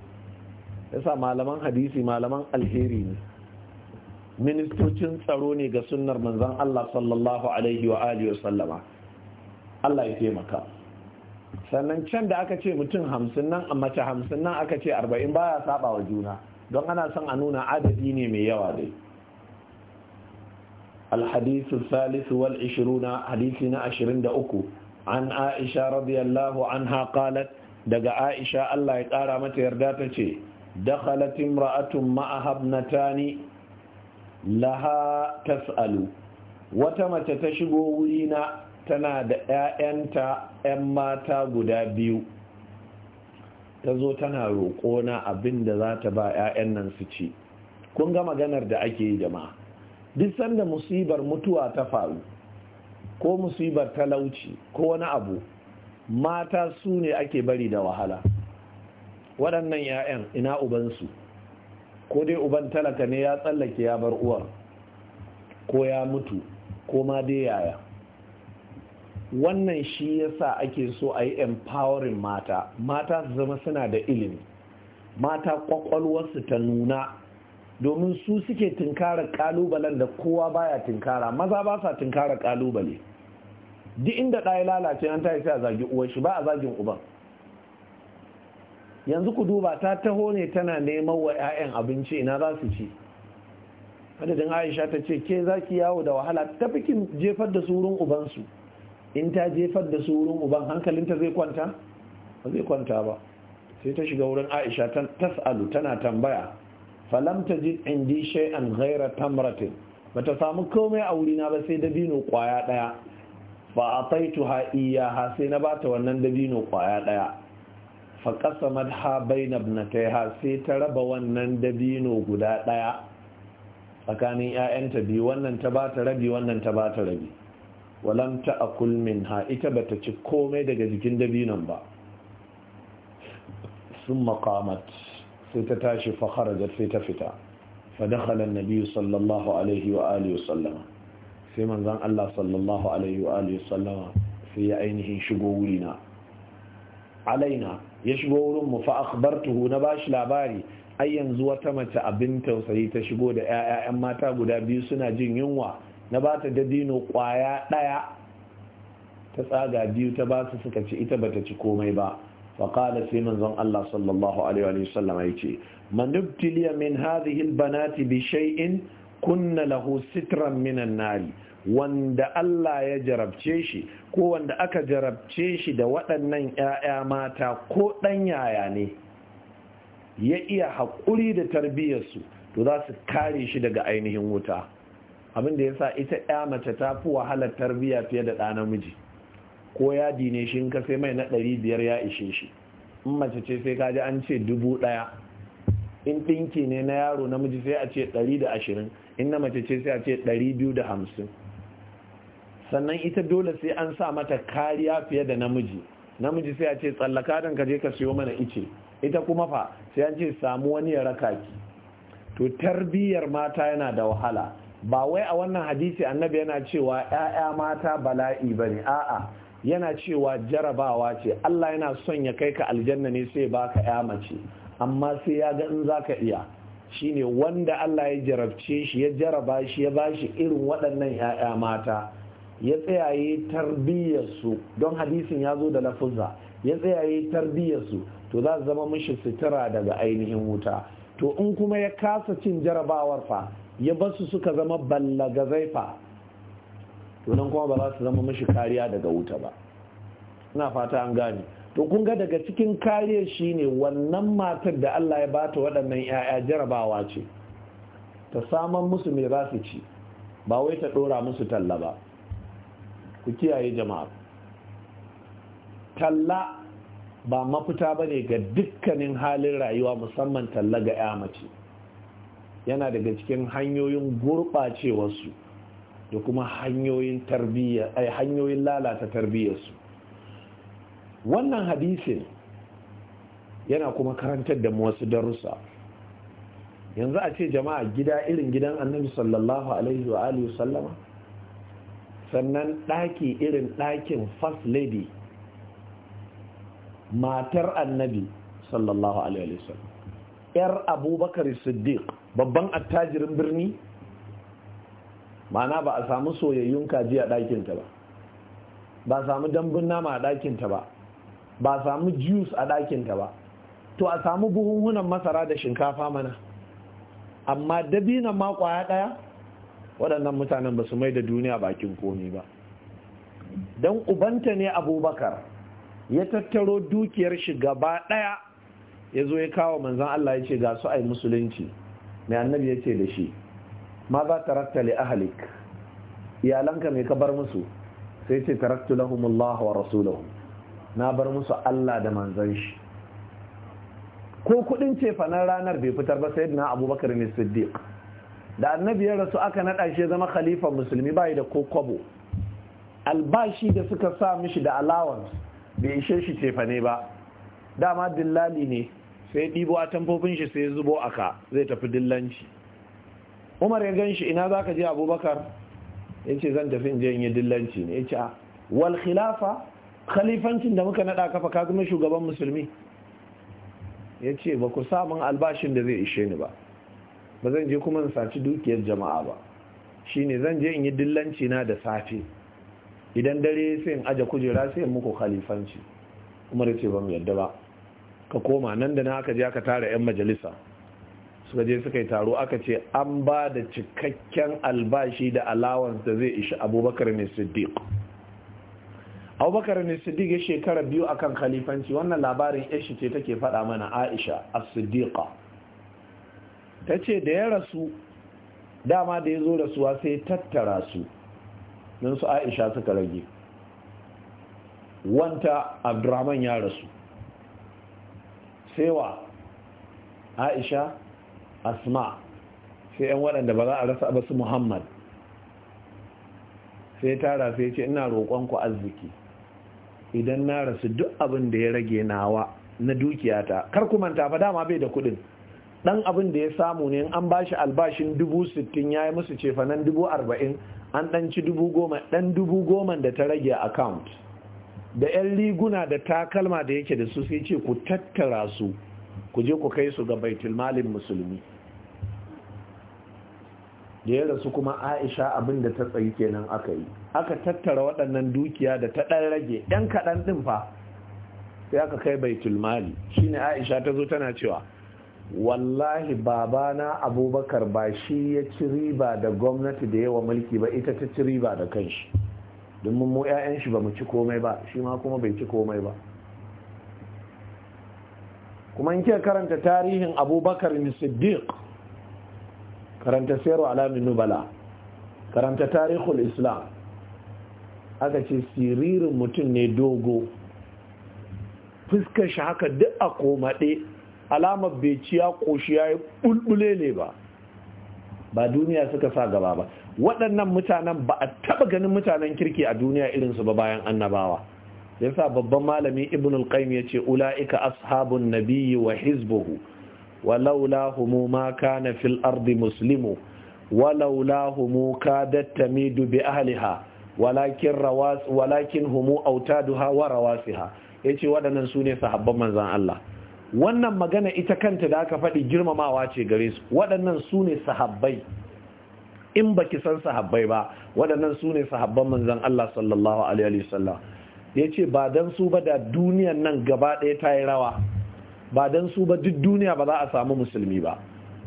yasa malaman hadisi malaman alheri ne ministocin tsaro ne ga sunnar manzon Allah sallallahu alaihi wa alihi Allah ya taimaka sannan can da aka ce mutum hamsin nan a mace hamsin nan aka ce arba'in baya saba wa juna don ana son a nuna adadi ne mai yawa dai الحديث الثالث والعشرون حديثنا عشرين دأكو عن عائشة رضي الله عنها قالت دقى عائشة الله يقارى متى يرداتك دخلت امرأة معها ابنتان لها تسأل وتمت تشبو ولينا تنادى أنت أما تابد بيو tazo tana roƙona abin da za ta ba 'ya'yan nan su ci kun ga maganar da ake yi jama'a duk sanda musibar mutuwa ta faru ko musibar talauci ko wani abu mata su ne ake bari da wahala waɗannan 'ya'yan ina ubansu ko dai uban talaka ne ya tsallake ya bar uwar ko ya mutu ko ma dai yaya wannan shi yasa ake so a yi empowering mata mata su zama suna da ilimi mata kwakwalwarsu ta nuna domin su suke tunkarar kalubalen da kowa baya tunkara maza ba sa tunkarar kalubale duk inda ɗaya lalace an tafi a zagi uwar shi ba a zagin uban yanzu ku duba ta taho ne tana neman wa 'ya'yan abinci ina za su ci adadin aisha ta ce ke za ki yawo da wahala ta fikin jefar da su wurin ubansu in ta jefar da su wurin uban hankalinta zai kwanta ba zai kwanta ba sai ta shiga wurin aisha tas'alu tana tambaya falam tajid indi shay'an ghayra tamratin bata samu komai a wurina ba sai dabino kwaya daya fa ataituha ha sai na bata wannan dabino kwaya daya fa qasamat ha baina ha sai ta raba wannan dabino guda daya tsakanin 'ya'yanta biyu wannan ta bata rabi wannan ta bata rabi walam ta akul ha ita bata ci komai daga jikin dabinon ba sun maqamat sai ta tashi fa da sai ta fita fa dakhala sallallahu alaihi wa alihi wasallam sai manzon Allah sallallahu alaihi wa alihi wasallam sai ya ainihin shigo wurina alaina ya shigo wurin mu fa akhbartuhu na bashi labari ai yanzu wata mace abin tausayi ta shigo da 'ya'ya'yan mata guda biyu suna jin yunwa na ba ta dadino kwaya ɗaya ta tsaga biyu ta ba su suka ci ita bata ci komai ba فقال في منظم الله صلى الله عليه وآله وسلم أيتي من ابتلي من هذه البنات بشيء كن له سترا wanda Allah ya jarabce shi ko wanda aka jarabce shi da waɗannan 'ya'ya mata ko ɗan yaya ne ya iya haƙuri da tarbiyyarsu to za su kare shi daga ainihin wuta abinda ya sa ita 'ya mace ta fi wahalar tarbiyya fiye da ɗa namiji ko ya dine shi in ka sai mai na ɗari biyar ya ishe shi in mace ce sai kaji an ce dubu ɗaya in ɗinki ne na yaro namiji sai a ce ɗari da ashirin in na mace ce sai a ce ɗari biyu da hamsin sannan ita dole sai an sa mata kariya fiye da namiji namiji sai a ce tsallaka don ka je ka siyo mana ice ita kuma fa sai an ce samu wani ya raka ki to tarbiyyar mata yana da wahala ba wai a wannan hadisi annabi yana cewa 'ya'ya mata bala'i bane a'a yana cewa jarabawa ce Allah yana son ya kai ka aljanna ne sai baka ya mace amma sai ya ga in zaka iya shine wanda Allah ya jarabce shi ya jaraba shi ya bashi irin waɗannan 'ya'ya mata ya tsayaye tarbiyyarsu don hadisin ya zo da lafuzza ya tsayaye tarbiyyarsu to za su zama mishi sutura daga ainihin wuta to in kuma ya kasa cin jarabawar fa ya basu suka zama ballagazai fa to nan kuma ba za su zama mashi kariya daga wuta ba ina fata an gane to kun ga daga cikin kariya ne wannan matar da Allah ya bata waɗannan 'ya'ya jarabawa ce ta saman musu mai za su ci ba wai ta ɗora musu talla ba ku kiyaye jama'a talla ba mafita ba ne ga dukkanin halin rayuwa musamman talla ga 'ya mace yana daga cikin hanyoyin gurɓacewarsu da kuma hanyoyin tarbiyya hanyoyin lalata tarbiyyarsu wannan hadisin yana kuma karantar da wasu darussa yanzu a ce jama'a gida irin gidan annabi sallallahu alaihi wa alihi sallama sannan ɗaki irin ɗakin first lady matar annabi sallallahu alaihi wa sallam yar abubakar siddiq babban attajirin birni ma'ana ba a samu soyayyun kaji a ɗakinta ba ba a samu dambun nama a ɗakinta ba ba a samu jus a ɗakinta ba to a samu buhunhunan masara da shinkafa mana amma dabinan ma kwaya ɗaya waɗannan mutanen ba su mai da duniya bakin komi ba don ubanta ne abubakar ya tattaro dukiyar shi gaba ɗaya ya zo ya kawo manzan Allah ya ce ga su a musulunci mai annabi ya ce da shi ma za tarakta li ahalik iyalanka mai ka bar musu sai ce taraktu lahumullah wa rasulahu na bar musu Allah da manzan shi ko kudin ce fanar ranar bai fitar ba sai sayyidina abubakar ne siddiq da annabi ya rasu aka naɗa shi zama khalifa musulmi bai da ko albashi da suka sa mishi da allowance bai ishe shi cefane ba dama dillali ne sai ɗibo a tamfofin shi sai zubo aka zai tafi dillanci umar ya gan shi ina zaka ka je abubakar ya ce zan tafi je in yi dillanci ne ya ce a ah, wal khilafa khalifancin da muka naɗa kafa ka zama shugaban musulmi ya ce ba ku samun albashin da zai ishe ni ba ba zan je kuma in saci dukiyar jama'a ba Shi ne zan je in yi dillanci na da safe idan dare sai in aja kujera sai in muku khalifanci umar ya ce ba mu yadda ba ka koma nan da na aka je aka tara 'yan majalisa suka je suka yi taro aka ce an ba da cikakken albashi da allowance da zai ishi abubakar ne siddiq abubakar ne siddiq ya shekara biyu akan khalifanci wannan labarin yashi ce take faɗa mana aisha a siddiqa ta ce da ya rasu dama da ya zo rasuwa sai tattara su don su aisha suka rage wanta abdurrahman ya rasu Sai wa aisha asma sai yan waɗanda ba za a rasa ba su muhammad sai tara sai ce ina ku arziki idan na rasu duk abin da ya rage nawa na dukiyata kar ku manta fa dama bai da kudin dan abin da ya samu ne an bashi albashin dubu sittin ya yi musu nan dubu arba'in an dan ci dubu goma dan dubu goma da ta rage account da 'yan riguna da takalma da yake da su sai ce ku tattara su ku je ku kai su ga baitulmalin musulmi da ya rasu kuma aisha abin da ta tsayi kenan aka yi aka tattara waɗannan dukiya da ta ɗan rage ɗan kaɗan ɗin fa sai aka kai baitul mali shine aisha ta zo tana cewa wallahi babana abubakar ba shi ya ci riba da gwamnati da yawa mulki ba ita ta ci riba da kanshi domin mu 'ya'yan shi ba mu ci komai ba shi ma kuma bai ci komai ba kuma in ke karanta tarihin abubakar siddiq karanta sayarwa alamin nubala karanta tarihul islam aka ce siririn mutum ne dogo fuskar shi haka duk a komaɗe alamar beciya ƙoshi ya yi ɓulɓule ne ba ba duniya suka sa gaba ba waɗannan mutanen ba a taɓa ganin mutanen kirki a duniya irinsu ba bayan annabawa yasa babban malami ibn al-qayyim yace ula'ika ashabun nabiyyi wa hizbuhu ولولا هم ma كان في ardi مسلم ولولا هم كادت تميد bi ولكن رواس ولكن walakin humu ورواسها wa rawasiha yace waɗannan su ne sahabban manzan Allah wannan magana ita kanta da aka faɗi girmamawa ce gare su waɗannan su ne sahabbai in baki san sahabbai ba waɗannan su ne sahabban manzan Allah sallallahu alaihi wasallam yace ba dan su ba da duniyan nan gaba ɗaya ta yi rawa ba dan su ba duk duniya ba za a samu musulmi ba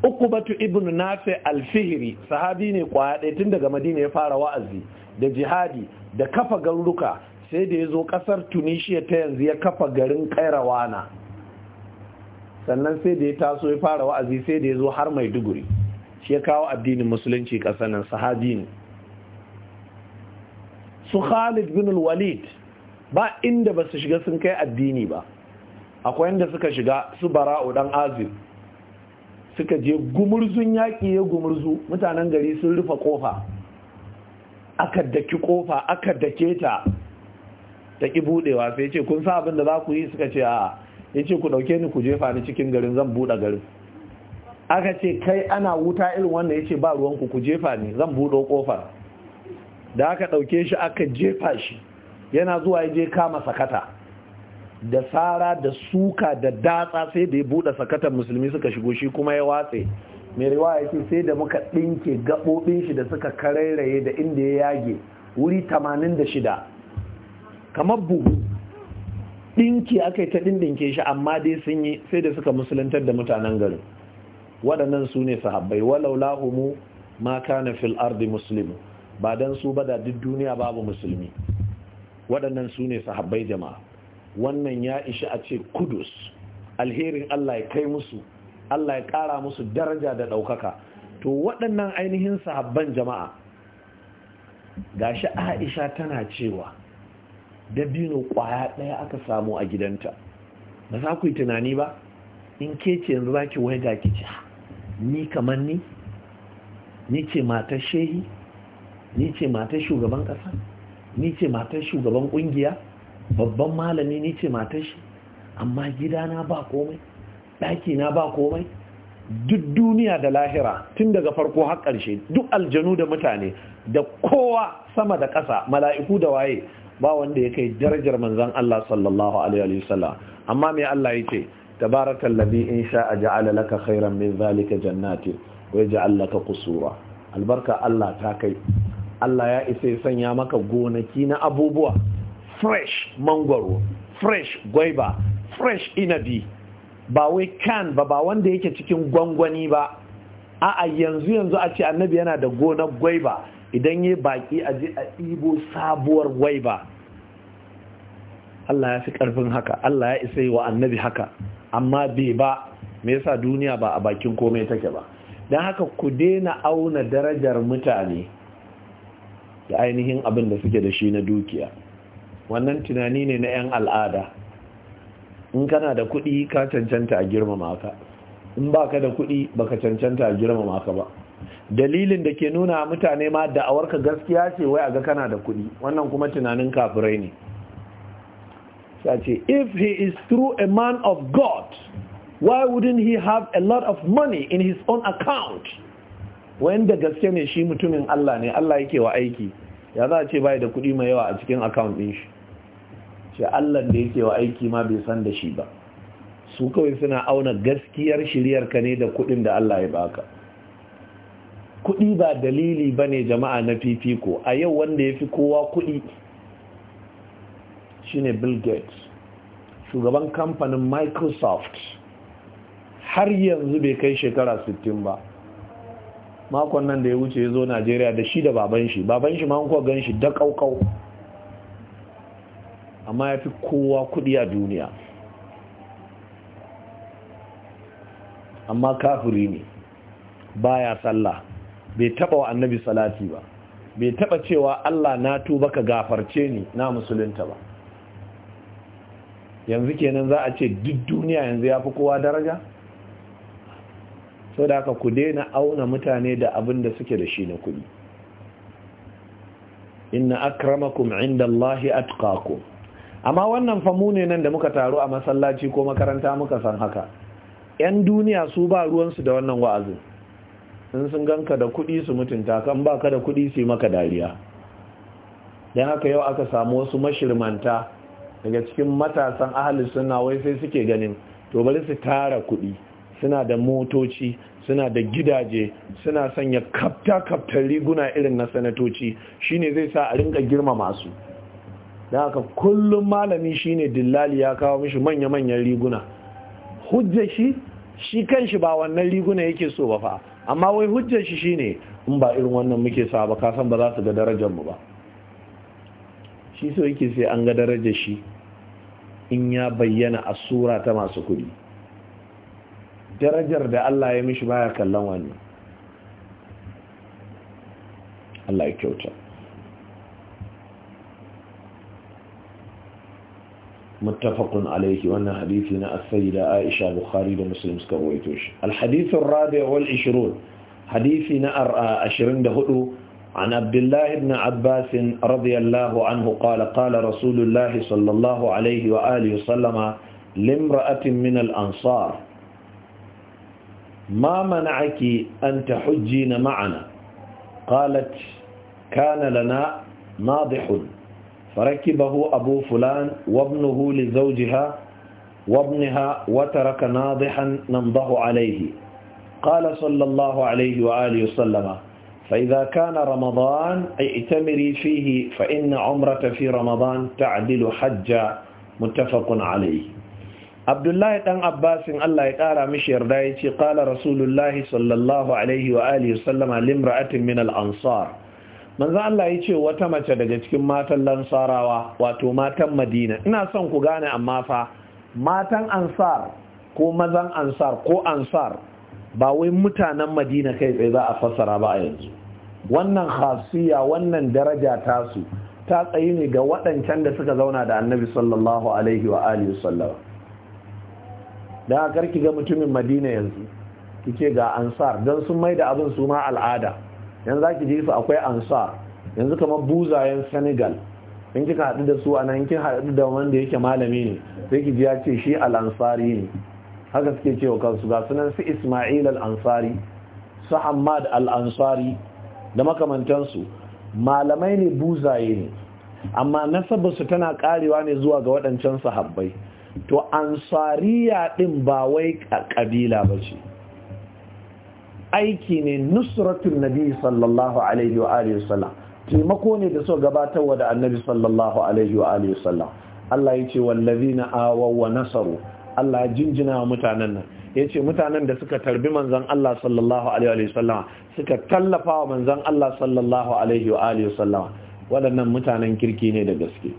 ukubatu ibn nafi al-fihri sahabi ne kwaya ɗaya tun daga madina ya fara wa'azi da jihadi da kafa garuruka sai da ya zo ƙasar tunisia ta yanzu ya kafa garin kairawana sannan sai da ya taso ya fara wa'azi sai da ya zo har mai duguri shi ya kawo addinin musulunci ƙasar nan sahabi ne su khalid bin walid ba inda ba su shiga sun kai addini ba akwai inda suka shiga su bara'u dan azim, suka je gumurzun yaƙi ya gumurzu mutanen gari sun rufe ƙofa aka daki ƙofa aka dake ta ta ki buɗewa sai ya ce kun sa abin da za ku yi suka ce a ya ce ku ɗauke ni ku jefa ni cikin garin zan buɗe garin aka ce kai ana wuta irin wanda ya ce ba ruwanku ku jefa ni zan buɗe ƙofar da aka ɗauke shi aka jefa shi yana zuwa ya je kama sakata da tsara da suka da datsa sai da ya buɗe sakatar musulmi suka shigo shi kuma ya watse mai riwaya ce sai da muka ɗinke gaɓoɓin shi da suka karairaye da inda ya yage wuri 86 kamar buhu ɗinki aka yi ta ɗinɗinke shi amma dai sun yi sai da suka musulantar da mutanen garin waɗannan su ne sahabbai walau lahumu ma kana fil ardi muslimu ba don su ba da duk duniya babu musulmi waɗannan su ne sahabbai jama'a wannan ya ishi a ce kudus alherin Allah ya kai musu Allah ya kara musu daraja da ɗaukaka to waɗannan ainihin sahabban jama'a ga gashi Aisha tana cewa dabino ƙwaya ɗaya aka samu a gidanta ba za ku yi tunani ba in ke ce yanzu za ki waiga ki ci ni kamar ni ni ce matar shehi ni ce matar shugaban ƙasa ni ce matar shugaban ƙungiya babban malami ne ce matar shi amma gidana ba komai ɗakina ba komai duk duniya da lahira tun daga farko har ƙarshe duk aljanu da mutane da kowa sama da ƙasa mala'iku da waye ba wanda ya kai darajar manzon Allah sallallahu alaihi wasallam amma me Allah yake tabarakal ladhi in sha'a ja'ala laka khairan min zalika jannati wa yaj'al laka qusura albarka Allah ta kai Allah ya isa sanya maka gonaki na abubuwa fresh mangoro, fresh gwaiba fresh inabi ba wai kan ba ba wanda yake cikin gwangwani ba a'a yanzu yanzu a ce annabi yana da gonar gwaiba idan yi baki a je a ɗibo sabuwar gwaiba Allah ya fi ƙarfin haka Allah ya isa wa annabi haka amma bai ba me yasa duniya ba a bakin komai take ba don haka ku daina auna darajar mutane da ainihin abin da suke da shi na dukiya wannan tunani ne na 'yan al'ada in kana da kuɗi ka cancanta a girmama ka in baka da kuɗi baka cancanta a girmama ka ba dalilin da ke nuna mutane ma da'awarka gaskiya ce wai a ga kana da kuɗi wannan kuma tunanin kafirai ne sace if he is through a man of god why wouldn't he have a lot of money in his own account wanda gaske ne shi mutumin Allah ne Allah yake wa aiki ya za a ce bai da kuɗi mai yawa a cikin account ɗin shi ce Allah da yake wa aiki ma bai san da shi ba su kawai suna auna gaskiyar shiryar ka ne da kuɗin da Allah ya baka kuɗi ba dalili ba ne jama'a na fifiko a yau wanda ya fi kowa kuɗi shine bill gates shugaban kamfanin microsoft har yanzu bai kai shekara 60 ba makon nan da ya wuce ya zo najeriya da shi da baban shi baban shi ma kuwa gan shi da kaukau amma ya fi kowa kudi a duniya amma kafiri ne baya sallah bai taba wa annabi salati ba bai taba cewa Allah na tuba ka gafarce ni na musulunta ba yanzu kenan za a ce duk duniya yanzu ya fi kowa daraja sau da aka ku daina auna mutane da abin da suke da shi na kudi inna akramakum inda Allahi atqakum amma wannan famu ne nan da muka taru a masallaci ko makaranta muka san haka 'yan duniya su ba ruwansu da wannan wa'azin in sun ganka da kuɗi su mutunta kan baka da kuɗi su maka dariya don haka yau aka samu wasu mashirmanta daga cikin matasan ahli suna wai sai suke ganin to bari su tara kuɗi suna da motoci suna da gidaje suna sanya kafta-kaftar riguna irin na sanatoci shine zai sa a rinka girmama su da aka kullum malami shine dillali ya kawo mishi manya-manyan riguna hujja shi shi kanshi ba wannan riguna yake so ba fa amma wai hujjar shi shine in ba irin wannan muke sa ba kasan ba za su ga darajar mu ba shi so yake sai an ga darajar shi in ya bayyana a sura ta masu kudi darajar da Allah ya mishi baya kallon wani Allah ya kyauta متفق عليه وأن حديثنا السيدة عائشة بخاري ومسلم سكويتوش الحديث الرابع والعشرون حديثنا آه، عشرين دهدو عن عبد الله بن عباس رضي الله عنه قال قال رسول الله صلى الله عليه وآله وسلم لامرأة من الأنصار ما منعك أن تحجين معنا قالت كان لنا ناضح فركبه أبو فلان وابنه لزوجها وابنها وترك ناضحا نمضه عليه قال صلى الله عليه وآله وسلم فإذا كان رمضان ائتمري فيه فإن عمرة في رمضان تعدل حجا متفق عليه عبد الله بن عباس الله يقرا مشير دايتي قال رسول الله صلى الله عليه وآله وسلم لامرأة من الأنصار manzo Allah ya ce wata mace daga cikin matan lansarawa wato matan madina ina son ku gane amma fa matan ansar ko mazan ansar ko ansar ba wai mutanen madina kai tsaye za a fassara ba a yanzu wannan khasiya wannan daraja tasu ta tsayi ne ga waɗancan da suka zauna da annabi sallallahu alaihi wa alihi sallama da karki ga mutumin madina yanzu kike ga ansar don sun mai da abin su ma al'ada yanzu za ki je su akwai ansa yanzu kamar buzayen senegal in kika haɗu da su a nan kin haɗu da wanda yake malami ne sai ki ji ya ce shi al'ansari ne haka suke cewa kansu ga sunan su ismail al'ansari su hamad al'ansari da makamantansu malamai ne buzaye ne amma nasabar su tana karewa ne zuwa ga waɗancan sahabbai to ansariya ɗin ba wai kabila ba ce aiki ne nusratun nabi sallallahu alaihi wa alihi wasallam taimako ne da so gabatarwa da annabi sallallahu alaihi wa alihi wasallam Allah yace ce wallazina awaw wa nasaru Allah ya jinjina wa mutanen nan yace mutanen da suka tarbi manzon Allah sallallahu alaihi wa sallam suka tallafa wa manzon Allah sallallahu alaihi wa alihi sallam wadannan mutanen kirki ne da gaske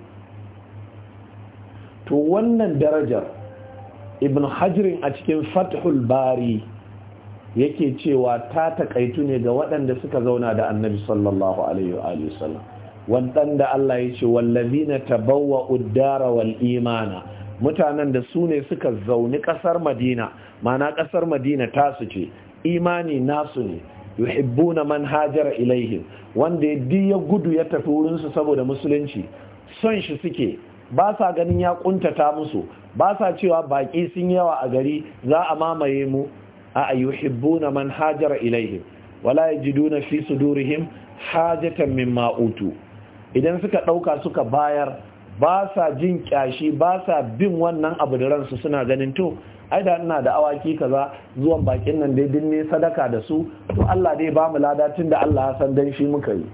to wannan darajar ibn hajrin a cikin fathul bari yake cewa ta takaitu ne ga waɗanda suka zauna da annabi sallallahu alaihi wa sallam waɗanda Allah ya ce na tabawwa uddara wal imana mutanen da su ne suka zauni ƙasar Madina mana ƙasar Madina tasu ce imani nasu ne yuhibbuna man hajara ilaihim wanda ya gudu ya tafi wurin su saboda musulunci son shi suke ba sa ganin ya kuntata musu ba sa cewa baki sun yawa a gari za a mamaye mu a yuhibbuna man hajara ilaihim wala yajiduna fi sudurihim hajatan mimma utu idan suka dauka suka bayar ba sa jin kyashi ba sa bin wannan abu da ransu suna ganin to ai da ina da awaki kaza zuwan bakin nan dai ne sadaka da su to Allah dai ba mu lada tunda Allah ya san dan shi muka yi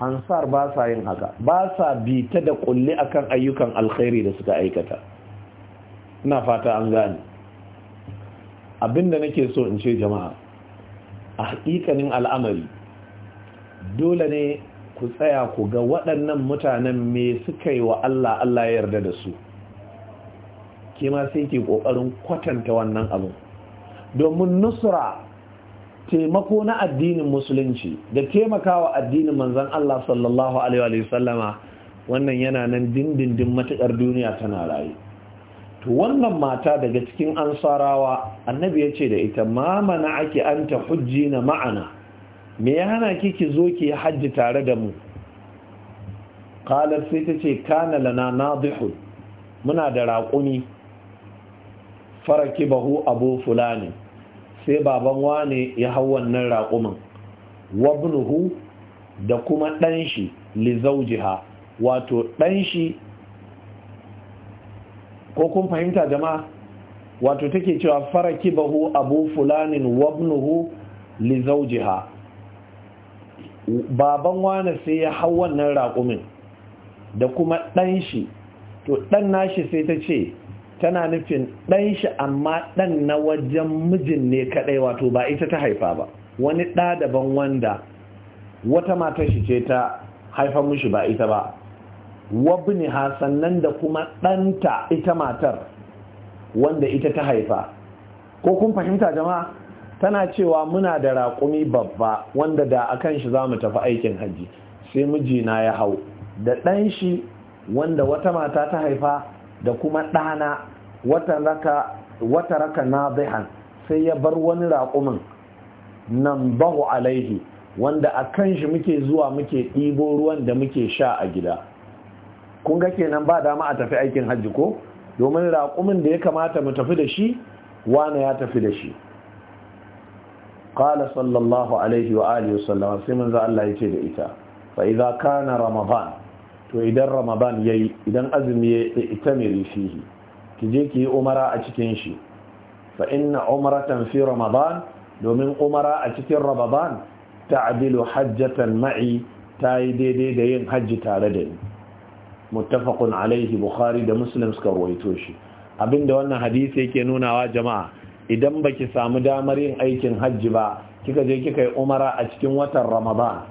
ansar ba sa yin haka ba sa bita da kulli akan ayyukan alkhairi da suka aikata ina fata an gane Abin da nake so in ce jama'a a hakikanin al'amari dole ne ku tsaya ku ga waɗannan mutanen me suka yi wa Allah Allah ya yarda da su ke ma sai ke ƙoƙarin kwatanta wannan abin domin nusra taimako na addinin musulunci da taimakawa addinin manzan Allah sallallahu alaihi wasallama wannan yana nan dindindin matuƙar duniya tana rayu to wannan mata daga cikin ansarawa annabi ya ce da ita ma mana ake an ta hujji na ma'ana me ya hana ki ki zo ki hajji tare da mu kalar sai ta ce kana lana nadihun muna da raƙuni faraki bahu abu fulani sai baban wane ya hau wannan raƙumin wabnuhu da kuma ɗanshi lizaujiha wato ɗanshi ko kun fahimta jama'a wato take cewa faraki bahu abu fulanin wabnuhu li zawjiha baban Wani sai ya hau wannan raƙumin da kuma ɗan shi to ɗan nashi sai ta ce tana nufin ɗan shi amma ɗan na wajen mijin ne kaɗai wato ba ita ta haifa ba wani ɗa daban wanda wata matar shi ce ta haifa mushi ba ita ba wabniha sannan da kuma ɗanta ita matar wanda ita ta haifa ko kun fahimta jama'a tana cewa muna da raƙumi babba wanda da akan shi za mu tafi aikin hajji sai mijina ya hau da ɗan shi wanda wata mata ta haifa da kuma ɗana wata raka na zihan sai ya bar wani raƙumin nan bahu alaihi wanda a kan shi muke zuwa muke ɗibo ruwan da muke sha a gida kun ga kenan ba dama a tafi aikin hajji ko domin raƙumin da ya kamata mu tafi da shi wani ya tafi da shi qala sallallahu alaihi wa alihi wasallam sai manzo Allah ce da ita fa kana ramadan to idan ramadan yayi idan azumi ya mai fihi ki je ki yi umara a cikin shi fa inna umaratan fi ramadan domin umara a cikin ramadan ta'dilu hajjatan ma'i tayi daidai da yin hajji tare da ni متفق alaihi bukhari da مسلم suka ruwaito shi abinda wannan hadisi yake nunawa jama'a idan baki samu damar yin aikin hajji ba kika je kika yi umara a cikin watan ramadan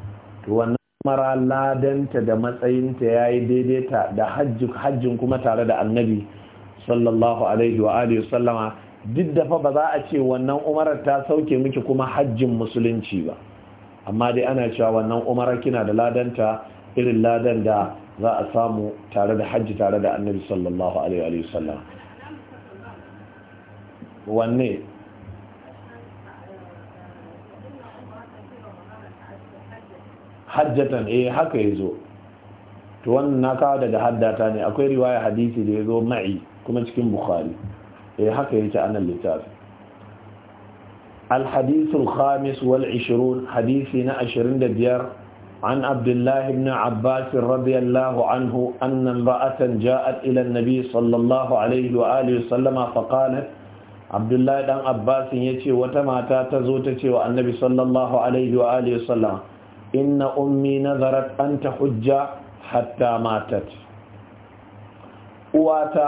to wannan umara ladanta da matsayinta yayi daidaita da hajji hajjin kuma tare da annabi sallallahu alaihi wa alihi sallama duk da fa ba za a ce wannan umarar ta sauke miki kuma hajjin musulunci ba amma dai ana cewa wannan umarar kina da ladanta irin ladan da za a samu tare da hajji tare da annabi sallallahu alaihi wasallam wanne hajjatan eh haka yazo to wannan na kawo daga haddata ne akwai riwaya hadisi da yazo ma'i kuma cikin bukhari eh haka yace anan littafi الحديث الخامس والعشرون حديثنا عشرين ديار عن عبد الله بن عباس رضي الله عنه أن امرأة جاءت إلى النبي صلى الله عليه وآله وسلم فقالت عبد الله بن عباس يتي وتماتا تزوتتي والنبي صلى الله عليه وآله وسلم إن أمي نذرت أن تحج حتى ماتت وأتا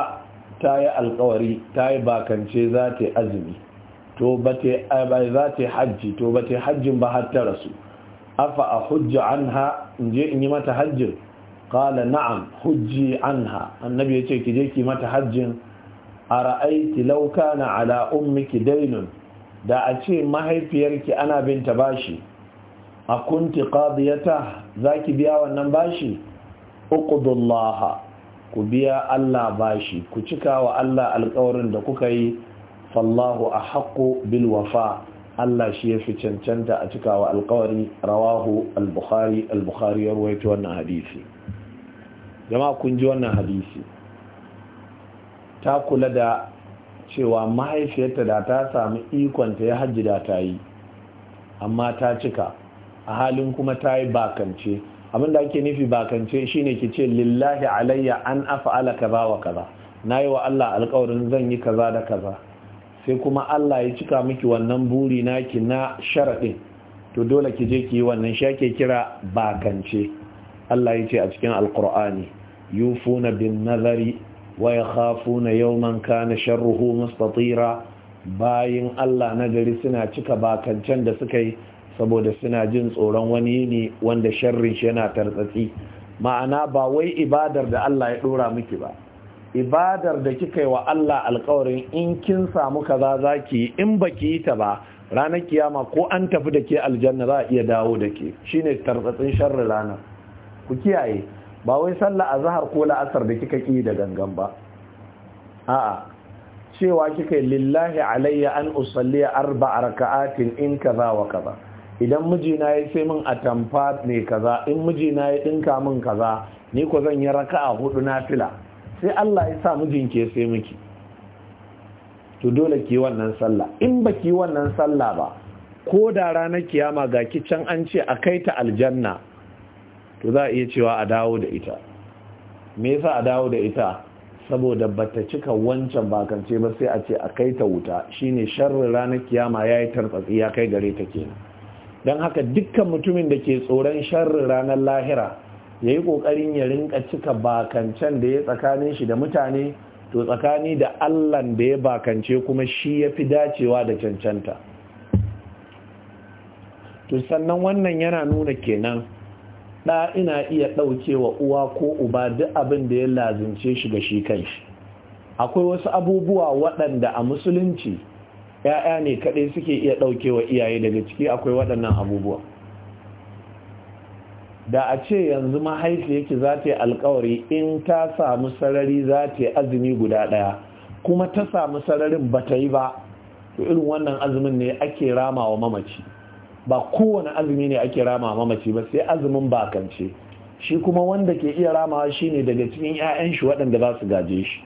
تاي القوري تاي باكن شي ذاتي أزمي توبتي أبي ذاتي حجي توبتي حج بحتى رسول afa a hujja anha in je in yi mata hajjin qala na'am hujji anha annabi yace ki je ki mata hajjin ara'aiti law kana ala ummiki daynun da a ce mahaifiyarki ana binta bashi a kunti qadiyata zaki biya wannan bashi Laha ku biya Allah bashi ku cika wa Allah alkawarin da kuka yi fallahu ahaqqu bil wafa Allah shi ya fi cancanta a cikawa alkawari rawahu al-bukhari al-bukhari ya wannan hadisi jama'a kun ji wannan hadisi ta kula da cewa mahaifiyarta da ta samu ikonta ya hajji da ta yi amma ta cika a halin kuma ta yi bakance abinda ake nufi bakance shine ki ce lillahi alayya an ala kaza wa kaza Na yi wa Allah alƙawarin zan yi kaza da kaza sai kuma Allah ya cika miki wannan buri naki na sharaɗin to dole ki je ki yi wannan shake kira bakance Allah ya ce a cikin alkur'ani yufuna bin nazari wa yakhafuna yawman kana sharruhu mustatira bayin Allah na gari suna cika bakancen da suka yi saboda suna jin tsoron wani ne wanda sharrin shi yana tartsatsi ma'ana ba wai ibadar da Allah ya dora miki ba ibadar da kika yi wa Allah alkawarin in kin samu kaza za ki yi in ba ki yi ta ba ranar kiyama ko an tafi da ke aljanna za a iya dawo da ke shine tarzatsin sharri ranar ku kiyaye ba wai sallah zahar ko la'asar da kika ki da gangan ba a'a cewa kika yi lillahi alayya an usalli arba'a raka'atin in kaza wa kaza idan mijina ya sai min atamfa ne kaza in mijina ya dinka min kaza ni ko zan yi raka'a hudu na fila sai Allah ya sa mijinki ya sai miki to dole ki wannan sallah in baki ki wannan sallah ba ko da ranar kiyama ga kicin an ce a kai ta aljanna to za a iya cewa a dawo da ita me yasa a dawo da ita saboda bata cika wancan bakance ba sai a ce a kai ta wuta shine sharrin ranar kiyama yayi tarfatsi ya kai gare ta kenan dan haka dukkan mutumin da ke tsoron sharrin ranar lahira ya yi ƙoƙarin ya rinka cika bakancen da ya tsakanin shi da mutane to tsakani da allan da ya bakance kuma shi ya fi dacewa da cancanta to sannan wannan yana nuna kenan ɗa ina iya ɗaukewa uwa ko uba duk abin da ya lazince shi ga shi kanshi akwai wasu abubuwa waɗanda a musulunci ‘ya'ya ne kaɗai suke iya ɗaukewa iyaye daga ciki akwai waɗannan abubuwa da a ce yanzu mahaifiyarki za ta yi alkawari in ta samu sarari za ta yi azumi guda ɗaya kuma ta samu sararin ba ta yi ba to irin wannan azumin ne ake rama wa mamaci ba kowane azumi ne ake rama wa mamaci ba sai azumin bakance shi kuma wanda ke iya ramawa shine daga cikin 'ya'yan shi waɗanda za su gaje shi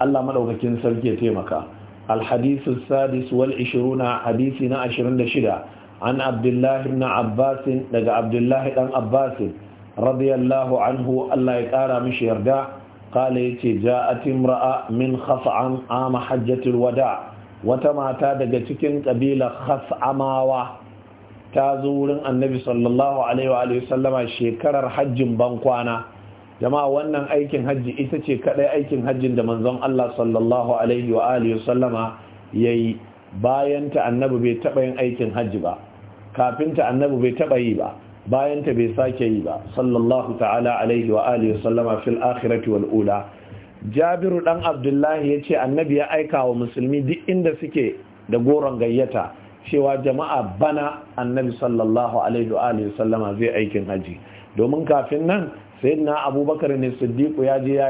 Allah madaukakin sarki ya taimaka al sadis wal hadisi na 26 an abdullahi ibn abbas daga abdullahi dan abbas radiyallahu anhu Allah ya kara mishi yarda kala yace ja'at imra'a min khas'an ama hajjatul wada wata mata daga cikin kabila khas'amawa ta zo wurin annabi sallallahu alaihi wa sallama shekarar hajjin bankwana jama'a wannan aikin hajji ita ce kadai aikin hajjin da manzon Allah sallallahu alaihi wa sallama yayi bayan ta annabi bai taɓa yin aikin hajji ba kafinta annabi bai taba yi ba bayanta bai sake yi ba sallallahu ta'ala alaihi wa alihi sallama fil akhirati wal ula jabiru dan abdullahi yace annabi ya aika wa musulmi duk inda suke da goron gayyata cewa jama'a bana annabi sallallahu alaihi wa alihi sallama zai aikin haji domin kafin nan sayyidina abubakar ne siddiqu ya je